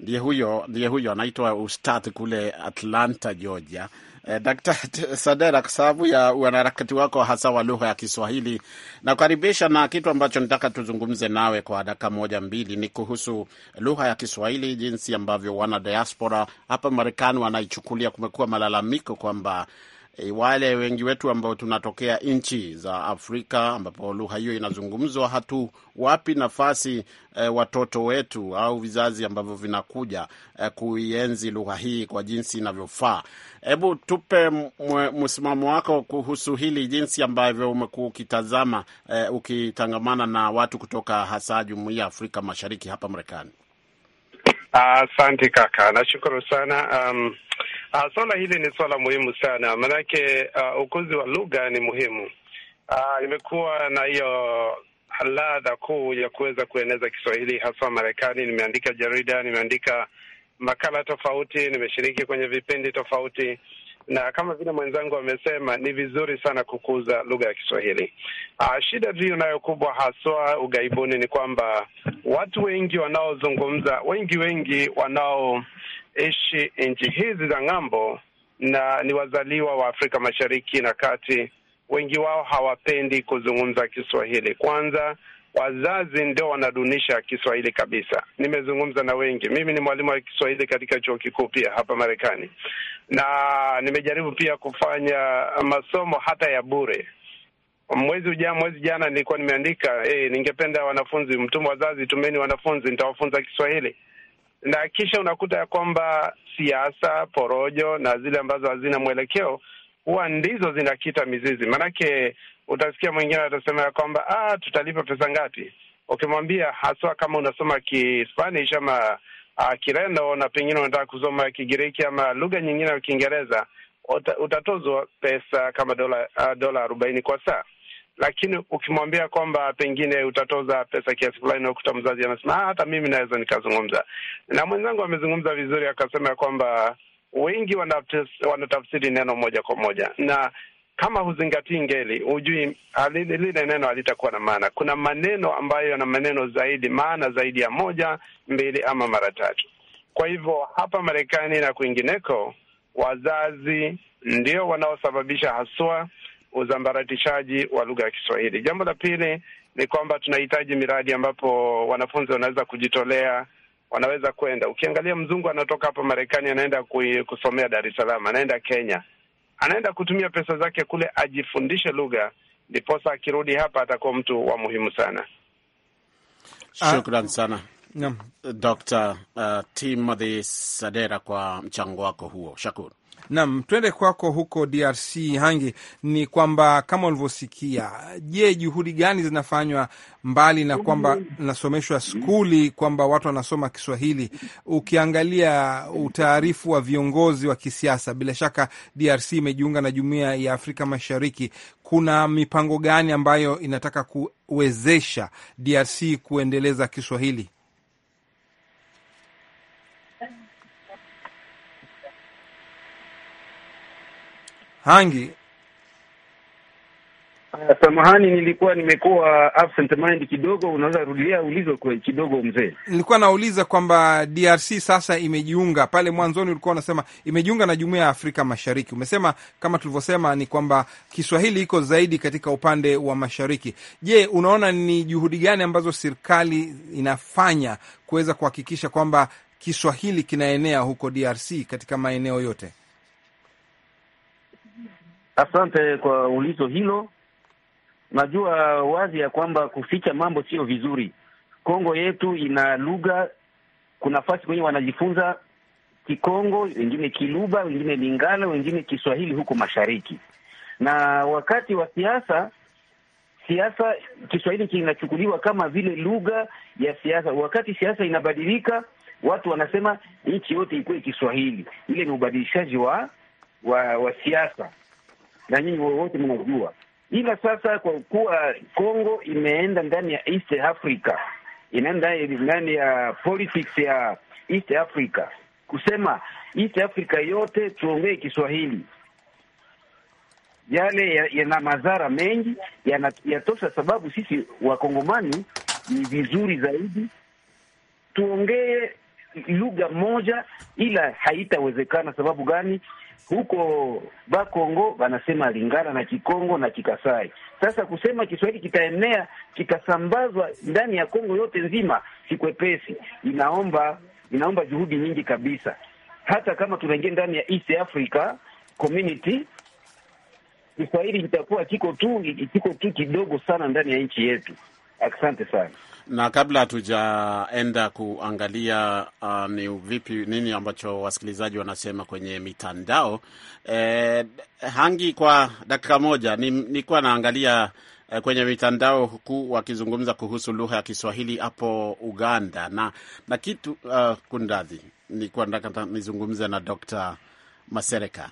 ndiye huyo, ndiye huyo anaitwa ustat kule Atlanta, Georgia. E, eh, Dr. Sadera, kwa sababu ya wanaharakati wako hasa wa lugha ya Kiswahili nakukaribisha, na kitu ambacho nitaka tuzungumze nawe kwa dakika moja mbili ni kuhusu lugha ya Kiswahili, jinsi ambavyo wana diaspora hapa Marekani wanaichukulia. Kumekuwa malalamiko kwamba E, wale wengi wetu ambao tunatokea nchi za Afrika ambapo lugha hiyo inazungumzwa, hatuwapi nafasi e, watoto wetu au vizazi ambavyo vinakuja e, kuienzi lugha hii kwa jinsi inavyofaa. Hebu tupe msimamo wako kuhusu hili, jinsi ambavyo umekuwa ukitazama e, ukitangamana na watu kutoka hasa jumuiya ya Afrika Mashariki hapa Marekani. Asante uh, kaka, nashukuru sana um, Uh, swala hili ni swala muhimu sana maanake, uh, ah, ukuzi wa lugha ni muhimu. Uh, imekuwa na hiyo ladha kuu ya kuweza kueneza Kiswahili hasa Marekani. Nimeandika jarida, nimeandika makala tofauti, nimeshiriki kwenye vipindi tofauti, na kama vile mwenzangu amesema, ni vizuri sana kukuza lugha ya Kiswahili. Uh, shida tunayo kubwa haswa ughaibuni ni kwamba watu wengi wanaozungumza wengi wengi wanao wanaoishi nchi hizi za ng'ambo na ni wazaliwa wa Afrika Mashariki na Kati, wengi wao hawapendi kuzungumza Kiswahili. Kwanza wazazi ndio wanadunisha Kiswahili kabisa. Nimezungumza na wengi. Mimi ni mwalimu wa Kiswahili katika chuo kikuu pia hapa Marekani, na nimejaribu pia kufanya masomo hata ya bure. Mwezi ujaa mwezi jana nilikuwa nimeandika hey, eh, ningependa wanafunzi mtume, wazazi tumeni wanafunzi, nitawafunza Kiswahili na kisha unakuta ya kwamba siasa, porojo na zile ambazo hazina mwelekeo huwa ndizo zinakita mizizi. Maanake utasikia mwingine atasema ya kwamba ah, tutalipa pesa ngapi? Ukimwambia haswa kama unasoma Kispanish ama uh, Kireno na pengine unataka kusoma Kigiriki ama lugha nyingine ya Kiingereza, utatozwa pesa kama dola uh, dola arobaini kwa saa lakini ukimwambia kwamba pengine utatoza pesa kiasi fulani, nakuta mzazi anasema ah, hata mimi naweza nikazungumza. Na mwenzangu amezungumza vizuri, akasema ya kwamba wengi wanatafsiri neno moja kwa moja, na kama huzingatii ngeli, hujui lile neno halitakuwa na maana. Kuna maneno ambayo yana maneno zaidi, maana zaidi ya moja, mbili ama mara tatu. Kwa hivyo hapa Marekani na kwingineko, wazazi ndio wanaosababisha haswa uzambaratishaji wa lugha ya Kiswahili. Jambo la pili ni kwamba tunahitaji miradi ambapo wanafunzi wanaweza kujitolea, wanaweza kwenda. Ukiangalia mzungu anatoka hapa Marekani, anaenda kusomea Dar es Salaam, anaenda Kenya, anaenda kutumia pesa zake kule ajifundishe lugha, ndiposa akirudi hapa atakuwa mtu wa muhimu sana. Shukran ah, sana Dr. Uh, Timothy Sadera kwa mchango wako huo, shakuru. Nam, tuende kwako huko DRC Hangi. Ni kwamba kama ulivyosikia, je, juhudi gani zinafanywa mbali na kwamba nasomeshwa skuli kwamba watu wanasoma Kiswahili? Ukiangalia utaarifu wa viongozi wa kisiasa, bila shaka DRC imejiunga na jumuiya ya Afrika Mashariki, kuna mipango gani ambayo inataka kuwezesha DRC kuendeleza Kiswahili? Hangi uh, samahani, nilikuwa nimekuwa absent mind kidogo. Unaweza rudia ulizo kidogo mzee? Nilikuwa nauliza kwamba DRC sasa imejiunga, pale mwanzoni ulikuwa unasema imejiunga na jumuiya ya Afrika Mashariki. Umesema kama tulivyosema ni kwamba Kiswahili iko zaidi katika upande wa mashariki. Je, unaona ni juhudi gani ambazo serikali inafanya kuweza kuhakikisha kwamba Kiswahili kinaenea huko DRC katika maeneo yote? Asante kwa ulizo hilo. Najua wazi ya kwamba kuficha mambo sio vizuri. Kongo yetu ina lugha, kuna fasi kwenye wanajifunza Kikongo, wengine Kiluba, wengine Lingala, wengine Kiswahili huko mashariki. Na wakati wa siasa, siasa Kiswahili kinachukuliwa kama vile lugha ya siasa. Wakati siasa inabadilika, watu wanasema nchi yote ikuwe Kiswahili. Ile ni ubadilishaji wa wa, wa siasa na nyinyi wote mnajua, ila sasa kwa kuwa Kongo imeenda ndani ya East Africa, inaenda ndani ya politics ya East Africa, kusema East Africa yote tuongee Kiswahili yale yana madhara mengi yatosha, ya sababu sisi wakongomani ni vizuri zaidi tuongee lugha moja, ila haitawezekana. Sababu gani? huko Bakongo wanasema Lingala na Kikongo na Kikasai. Sasa kusema Kiswahili kitaenea kitasambazwa ndani ya Kongo yote nzima si kwepesi, inaomba inaomba juhudi nyingi kabisa. Hata kama tunaingia ndani ya East Africa Community, Kiswahili kitakuwa kiko tu kiko tu kidogo sana ndani ya nchi yetu. Asante sana. Na kabla hatujaenda kuangalia uh, ni vipi nini ambacho wasikilizaji wanasema kwenye mitandao eh, Hangi, kwa dakika moja ni naangalia eh, kwenye mitandao huku wakizungumza kuhusu lugha ya Kiswahili hapo Uganda na, na kitu uh, kundadhi nikuwa nataka nizungumze na Dr. Masereka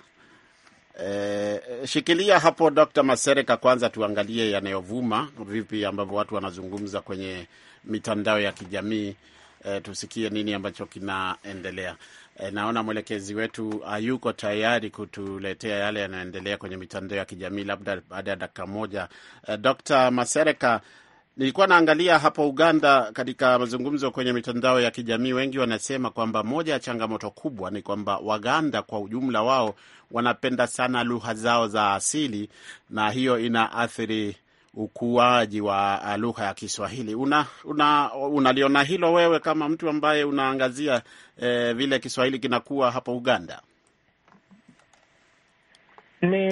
E, shikilia hapo Dr. Masereka, kwanza tuangalie yanayovuma vipi ambavyo watu wanazungumza kwenye mitandao ya kijamii e, tusikie nini ambacho kinaendelea. E, naona mwelekezi wetu hayuko tayari kutuletea yale yanayoendelea kwenye mitandao ya kijamii labda baada ya dakika moja. E, Dr. Masereka Nilikuwa naangalia hapo Uganda katika mazungumzo kwenye mitandao ya kijamii, wengi wanasema kwamba moja ya changamoto kubwa ni kwamba Waganda kwa ujumla wao wanapenda sana lugha zao za asili, na hiyo inaathiri ukuaji wa uh, lugha ya Kiswahili. Unaliona una, una hilo wewe kama mtu ambaye unaangazia eh, vile Kiswahili kinakuwa hapo Uganda? Ni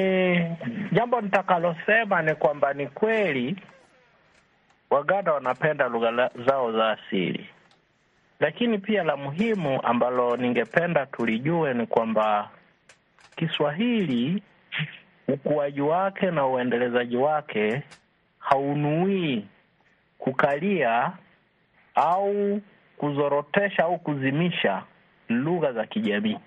jambo nitakalosema ni kwamba ni kweli Waganda wanapenda lugha zao za asili, lakini pia la muhimu ambalo ningependa tulijue ni kwamba Kiswahili ukuaji wake na uendelezaji wake haunuii kukalia au kuzorotesha au kuzimisha lugha za kijamii,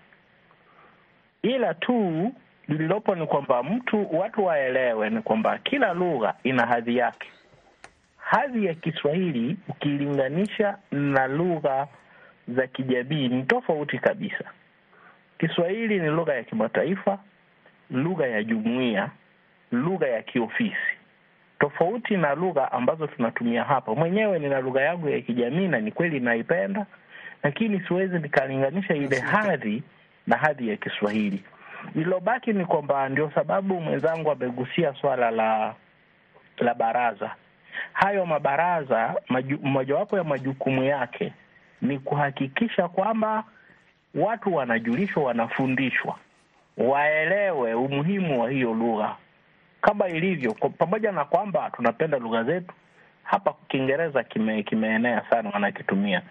ila tu lililopo ni kwamba mtu watu waelewe ni kwamba kila lugha ina hadhi yake hadhi ya Kiswahili ukilinganisha na lugha za kijamii ni tofauti kabisa. Kiswahili ni lugha ya kimataifa, lugha ya jumuiya, lugha ya kiofisi, tofauti na lugha ambazo tunatumia hapa. Mwenyewe nina lugha yangu ya kijamii na ni kweli naipenda, lakini siwezi nikalinganisha ile hadhi na hadhi ya Kiswahili. Ililobaki ni kwamba, ndio sababu mwenzangu amegusia swala la la baraza hayo mabaraza maju, mojawapo ya majukumu yake ni kuhakikisha kwamba watu wanajulishwa, wanafundishwa, waelewe umuhimu wa hiyo lugha kama ilivyo, pamoja na kwamba tunapenda lugha zetu hapa Kiingereza kime, kimeenea sana wanakitumia.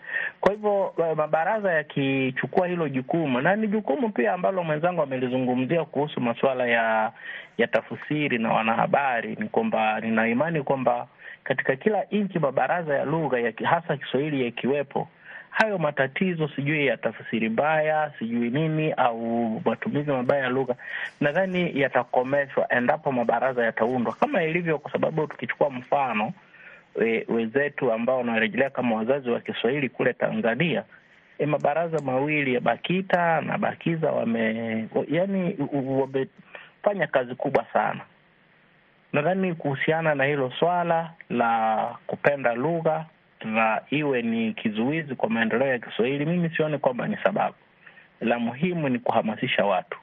Kwa hivyo eh, mabaraza yakichukua hilo jukumu, na ni jukumu pia ambalo mwenzangu amelizungumzia kuhusu masuala ya ya tafsiri na wanahabari, ni kwamba nina imani kwamba katika kila nchi mabaraza ya lugha ya hasa Kiswahili yakiwepo, hayo matatizo sijui ya tafsiri mbaya sijui nini au matumizi mabaya ya lugha, nadhani yatakomeshwa endapo mabaraza yataundwa kama ilivyo, kwa sababu tukichukua mfano we, wezetu ambao wanarejelea kama wazazi wa Kiswahili kule Tanzania. E, mabaraza mawili ya BAKITA na BAKIZA wame, yani wamefanya kazi kubwa sana Nadhani kuhusiana na hilo swala la kupenda lugha na iwe ni kizuizi kwa maendeleo ya Kiswahili, mimi sioni kwamba ni sababu. La muhimu ni kuhamasisha watu.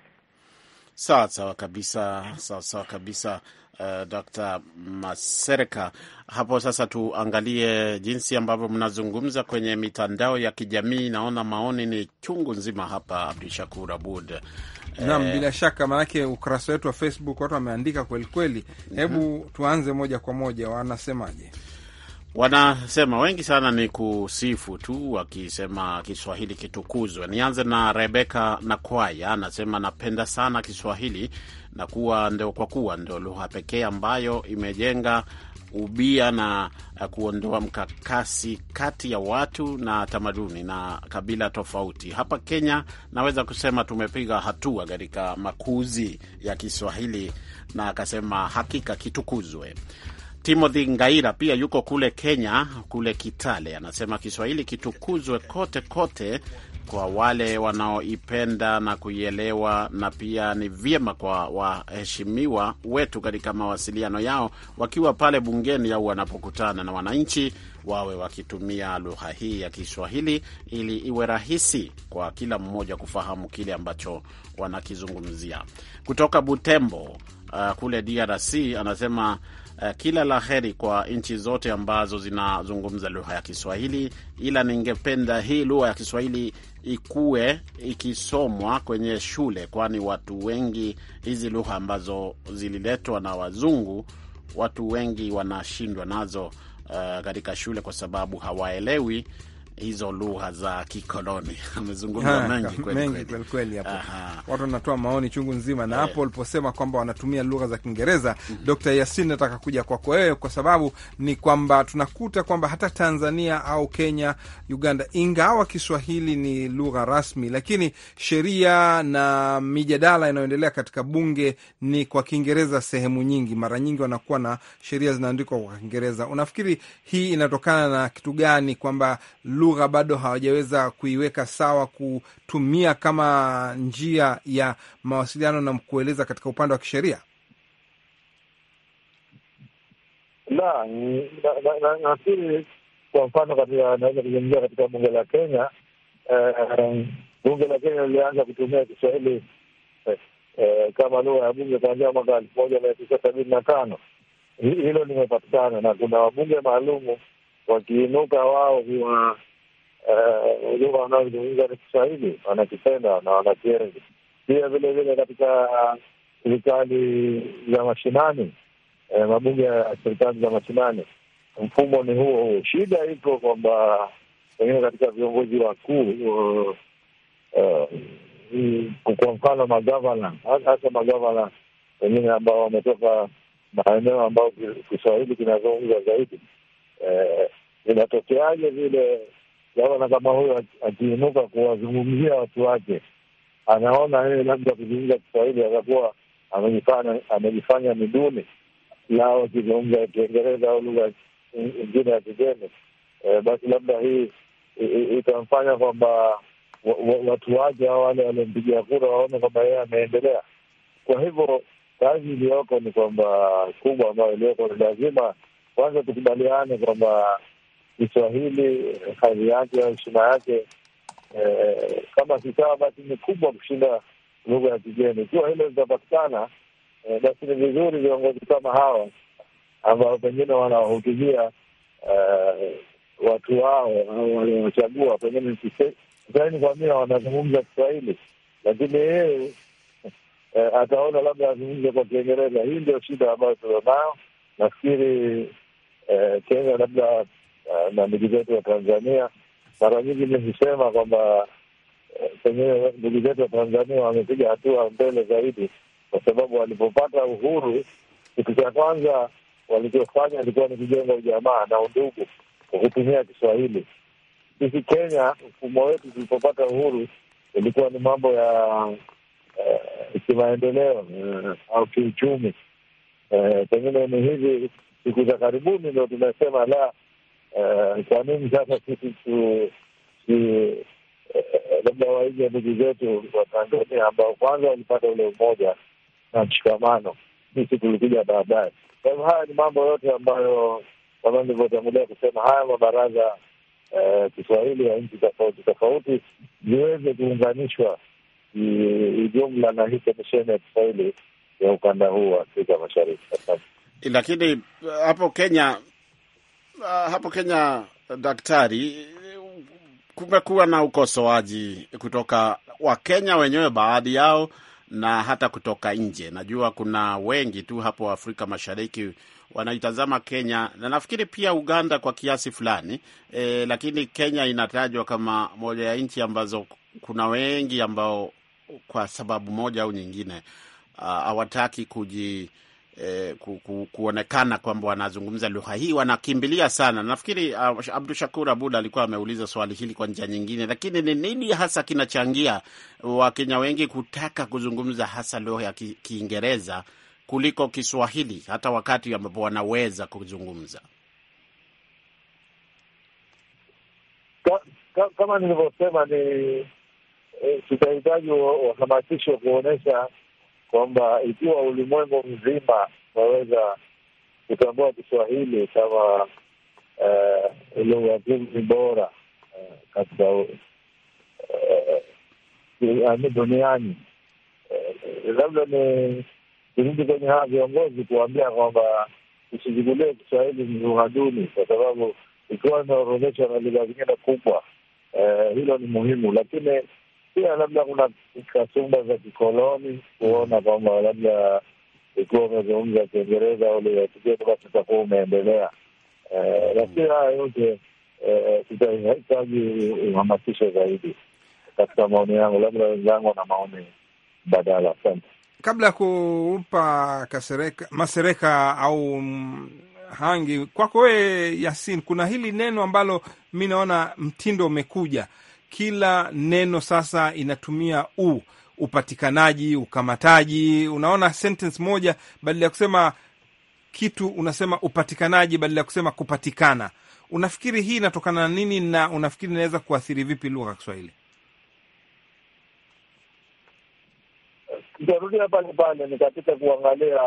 Sawa sawa kabisa, sawa sawa kabisa. Uh, eh, Dr. Masereka, hapo sasa tuangalie jinsi ambavyo mnazungumza kwenye mitandao ya kijamii. Naona maoni ni chungu nzima hapa, Abdushakur Abud Naam, e... bila shaka maanake ukurasa wetu wa Facebook watu wameandika kwelikweli. Hebu mm -hmm. tuanze moja kwa moja, wanasemaje? Wanasema wengi sana ni kusifu tu, wakisema Kiswahili kitukuzwe. Nianze na Rebeka Nakwaya, anasema napenda sana Kiswahili na kuwa ndio, kwa kuwa ndio lugha pekee ambayo imejenga ubia na eh, kuondoa mkakasi kati ya watu na tamaduni na kabila tofauti. Hapa Kenya naweza kusema tumepiga hatua katika makuzi ya Kiswahili, na akasema hakika kitukuzwe. Timothy Ngaira pia yuko kule Kenya, kule Kitale, anasema Kiswahili kitukuzwe kote kote, kwa wale wanaoipenda na kuielewa, na pia ni vyema kwa waheshimiwa wetu katika mawasiliano yao wakiwa pale bungeni au wanapokutana na wananchi, wawe wakitumia lugha hii ya Kiswahili ili iwe rahisi kwa kila mmoja kufahamu kile ambacho wanakizungumzia. Kutoka Butembo uh, kule DRC anasema uh, kila la heri kwa nchi zote ambazo zinazungumza lugha ya Kiswahili, ila ningependa hii lugha ya Kiswahili ikuwe ikisomwa kwenye shule, kwani watu wengi, hizi lugha ambazo zililetwa na wazungu, watu wengi wanashindwa nazo uh, katika shule kwa sababu hawaelewi hizo lugha za kikoloni. Amezungumza ah, mengi kweli kweli hapo, watu wanatoa maoni chungu nzima, na eh. hapo waliposema kwamba wanatumia lugha za Kiingereza. mm -hmm. Dr. Yasin, nataka kuja kwako wewe, kwa sababu ni kwamba tunakuta kwamba hata Tanzania au Kenya, Uganda, ingawa Kiswahili ni lugha rasmi, lakini sheria na mijadala inayoendelea katika bunge ni kwa Kiingereza sehemu nyingi. Mara nyingi wanakuwa na sheria zinaandikwa kwa Kiingereza. Unafikiri hii inatokana na kitu gani, kwamba lugha bado hawajaweza kuiweka sawa kutumia kama njia ya mawasiliano na kueleza katika upande wa kisheria? La, nafikiri kwa mfano naweza kuzungumzia katika bunge la Kenya. Eh, bunge la Kenya lilianza kutumia Kiswahili eh, eh, kama lugha ya bunge kuanzia mwaka elfu moja mia tisa sabini na tano. Hilo limepatikana na kuna wabunge maalumu wakiinuka wao huwa lugha eh, wanaozungumza ni Kiswahili, wanakipenda na wanakienzi. Pia vile vile katika serikali za mashinani, eh, mabunge ya serikali za mashinani, mfumo ni huo huo. Shida iko kwamba pengine katika viongozi wakuu eh, kwa mfano magavana, hasa magavana wengine ambao wametoka maeneo ambayo Kiswahili kinazungumza zaidi, inatokeaje vile gavana kama huyo akiinuka kuwazungumzia watu wake, anaona yeye labda kuzungumza Kiswahili atakuwa amejifanya ni duni, lao wakizungumza Kiingereza au lugha ingine ya kigeni e, basi labda hii itamfanya kwamba watu wake au wale waliompigia kura waone kwamba yeye ameendelea. Kwa hivyo kazi iliyoko ni kwamba kubwa ambayo iliyoko ni lazima kwanza tukubaliane kwamba Kiswahili, hadhi yake au heshima yake eh, kama si basi ni kubwa kushinda lugha ya kigeni. Ikiwa hilo litapatikana, eh, basi ni vizuri viongozi kama hawa ambao pengine wanawahutubia eh, watu wao au waliowachagua, pengine tisaini kwa mia wanazungumza Kiswahili, lakini yeye ataona labda azungumze kwa Kiingereza. Hii ndio shida ambayo tulionayo. Nafikiri Kenya labda Eh, na ndugu zetu wa Tanzania. Mara nyingi nikisema kwamba eh, pengine ndugu zetu wa Tanzania wamepiga hatua mbele zaidi, kwa sababu walipopata uhuru, kitu cha kwanza walichofanya ilikuwa ni kujenga ujamaa na undugu kwa kutumia Kiswahili. Sisi Kenya, mfumo wetu tulipopata uhuru ilikuwa ni mambo ya eh, kimaendeleo eh, au kiuchumi. Eh, pengine eh, ni hivi siku za karibuni ndo tumesema la Eh, kwa nini sasa sisi tu eh, labda waige ndugu zetu wa Tanzania ambao kwanza walipata ule umoja na mshikamano, sisi tulikuja baadaye. Kwa hivyo haya ni mambo yote ambayo kama nilivyotangulia kusema, haya mabaraza eh, Kiswahili ya nchi tofauti tofauti ziweze kuunganishwa ujumla na hii komisheni ya Kiswahili ya ukanda huu wa Afrika Mashariki. Lakini hapo Kenya uh, hapo Kenya, daktari, kumekuwa na ukosoaji kutoka Wakenya wenyewe baadhi yao na hata kutoka nje. Najua kuna wengi tu hapo Afrika Mashariki wanaitazama Kenya na nafikiri pia Uganda kwa kiasi fulani e, lakini Kenya inatajwa kama moja ya nchi ambazo kuna wengi ambao kwa sababu moja au nyingine hawataki kuji eh, ku, kuonekana kwamba wanazungumza lugha hii, wanakimbilia sana. Nafikiri uh, Abdu Shakur Abud alikuwa ameuliza swali hili kwa njia nyingine, lakini ni nini hasa kinachangia Wakenya wengi kutaka kuzungumza hasa lugha ya ki, Kiingereza kuliko Kiswahili hata wakati ambapo wanaweza kuzungumza kama nilivyosema ni tutahitaji eh, wahamasisho kuonyesha kwamba ikiwa ulimwengu mzima unaweza kutambua Kiswahili kama uh, lugha kumi bora uh, katika uh, duniani uh, labda ni kirudi kwenye hawa viongozi kuambia kwamba usichukulie Kiswahili ni lugha duni, kwa sababu ikiwa imeorodheshwa na lugha zingine kubwa, hilo ni muhimu, lakini pia labda kuna kasumba za kikoloni kuona kwamba labda ikiwa umezungumza Kiingereza uliapigia basi utakuwa umeendelea, eh, lakini haya yote eh, tutahitaji uhamasisho zaidi, katika maoni yangu. Labda wenzangu na maoni badala. Asante. Kabla ya kumpa Masereka au Hangi, kwako wewe Yasin, kuna hili neno ambalo mi naona mtindo umekuja kila neno sasa inatumia u upatikanaji, ukamataji. Unaona, sentence moja badala ya kusema kitu unasema upatikanaji badala ya kusema kupatikana. Unafikiri hii inatokana na nini, na unafikiri inaweza kuathiri vipi lugha ya Kiswahili? Tutarudia pale pale, ni katika kuangalia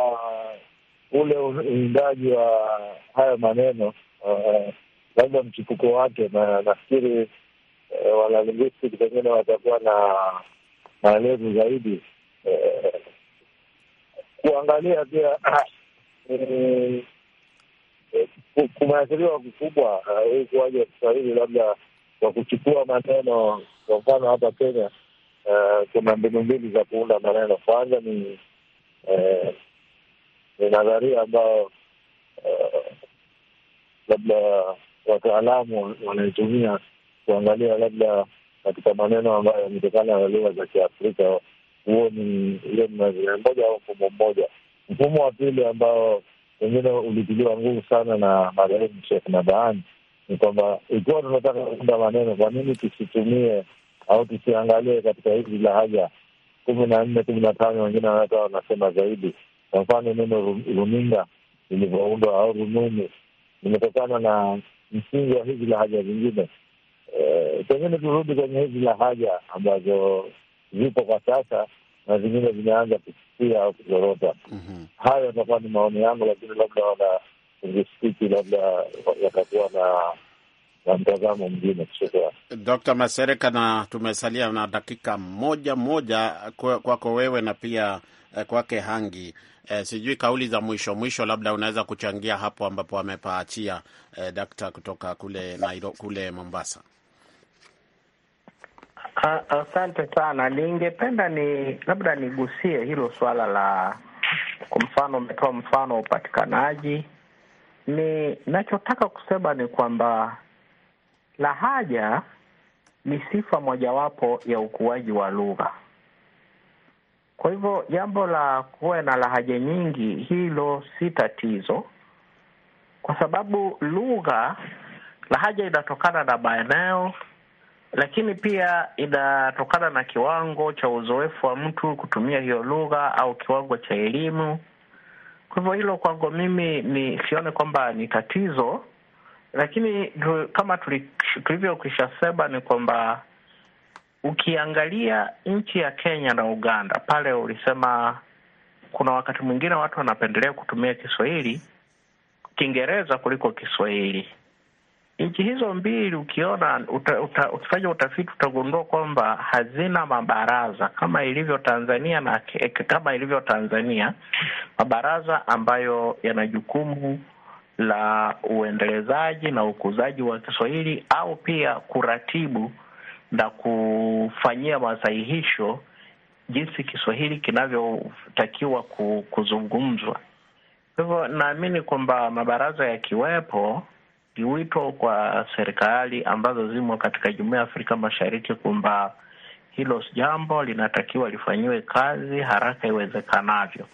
ule uindaji wa haya maneno, eh, labda mchipuko wake, na nafikiri e, eh, wanalinguistic pengine watakuwa na maelezo zaidi e, kuangalia pia eh, kumeathiriwa kukubwa huu kuwaji wa Kiswahili labda kwa kuchukua maneno. Kwa mfano hapa Kenya uh, kuna mbinu mbili za kuunda maneno. Kwanza ni ni nadharia ambayo labda wataalamu wanaitumia kuangalia labda katika maneno ambayo yametokana na lugha za Kiafrika. Huo ni hiyo ni nazira moja au mfumo mmoja. Mfumo wa pili ambao pengine ulitiliwa nguvu sana na marehemu Sheikh Nabhani ni kwamba ikiwa tunataka kuunda maneno, kwa nini tusitumie au tusiangalie katika hizi lahaja kumi na nne kumi na tano wengine wanaweza wanasema zaidi. Kwa mfano neno runinga lilivyoundwa au rununu limetokana na msingi wa hizi lahaja zingine. Eh, pengine turudi kwenye hizi lahaja ambazo zipo kwa sasa na zingine zimeanza kusikia au kuzorota. Mhm. Hayo atakuwa ni maoni yangu, lakini labda wana lingistiki labda yatakuwa na mtazamo Dr. Masereka, na tumesalia na dakika moja moja kwako kwa wewe na pia eh, kwake Hangi. E, sijui kauli za mwisho mwisho labda unaweza kuchangia hapo ambapo amepaachia e, dakta kutoka kule Nairobi, kule Mombasa. Asante sana. Ningependa ni labda nigusie hilo suala la kwa mfano, umetoa mfano wa upatikanaji. Ni nachotaka kusema ni kwamba lahaja ni sifa mojawapo ya ukuaji wa lugha. Kwa hivyo jambo la kuwa na lahaja nyingi, hilo si tatizo, kwa sababu lugha, lahaja inatokana na maeneo lakini pia inatokana na kiwango cha uzoefu wa mtu kutumia hiyo lugha au kiwango cha elimu. Kwa hivyo hilo kwangu mimi ni sione kwamba ni tatizo, lakini kama tulivyokwisha sema ni kwamba ukiangalia nchi ya Kenya na Uganda pale, ulisema kuna wakati mwingine watu wanapendelea kutumia Kiswahili Kiingereza kuliko Kiswahili nchi hizo mbili ukiona uta, uta, ukifanya utafiti utagundua kwamba hazina mabaraza kama ilivyo Tanzania na kama ilivyo Tanzania, mabaraza ambayo yana jukumu la uendelezaji na ukuzaji wa Kiswahili au pia kuratibu na kufanyia masahihisho jinsi Kiswahili kinavyotakiwa kuzungumzwa. Kwa hivyo naamini kwamba mabaraza yakiwepo ni wito kwa serikali ambazo zimo katika jumuiya ya Afrika Mashariki kwamba hilo jambo linatakiwa lifanyiwe kazi haraka iwezekanavyo.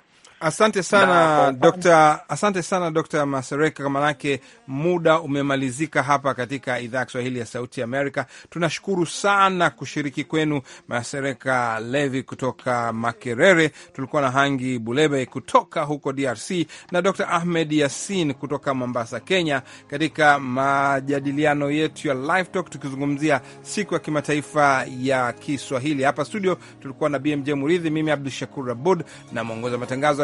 Asante sana d asante sana Dokta Masereka, manake muda umemalizika hapa katika idhaa ya Kiswahili ya Sauti Amerika. Tunashukuru sana kushiriki kwenu, Masereka Levi kutoka Makerere, tulikuwa na Hangi Bulebe kutoka huko DRC na dr Ahmed Yasin kutoka Mombasa, Kenya, katika majadiliano yetu ya Live Talk tukizungumzia siku ya kimataifa ya Kiswahili. Hapa studio tulikuwa na BMJ Muridhi, mimi Abdu Shakur Abud na mwongoza matangazo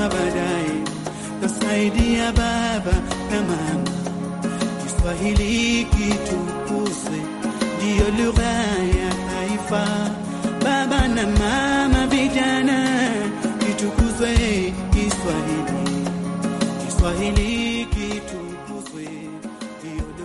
mwa baadaye. Tasaidia baba na mama, Kiswahili kitukuzwe, ndiyo lugha ya taifa. Baba na mama, vijana, kitukuzwe Kiswahili, Kiswahili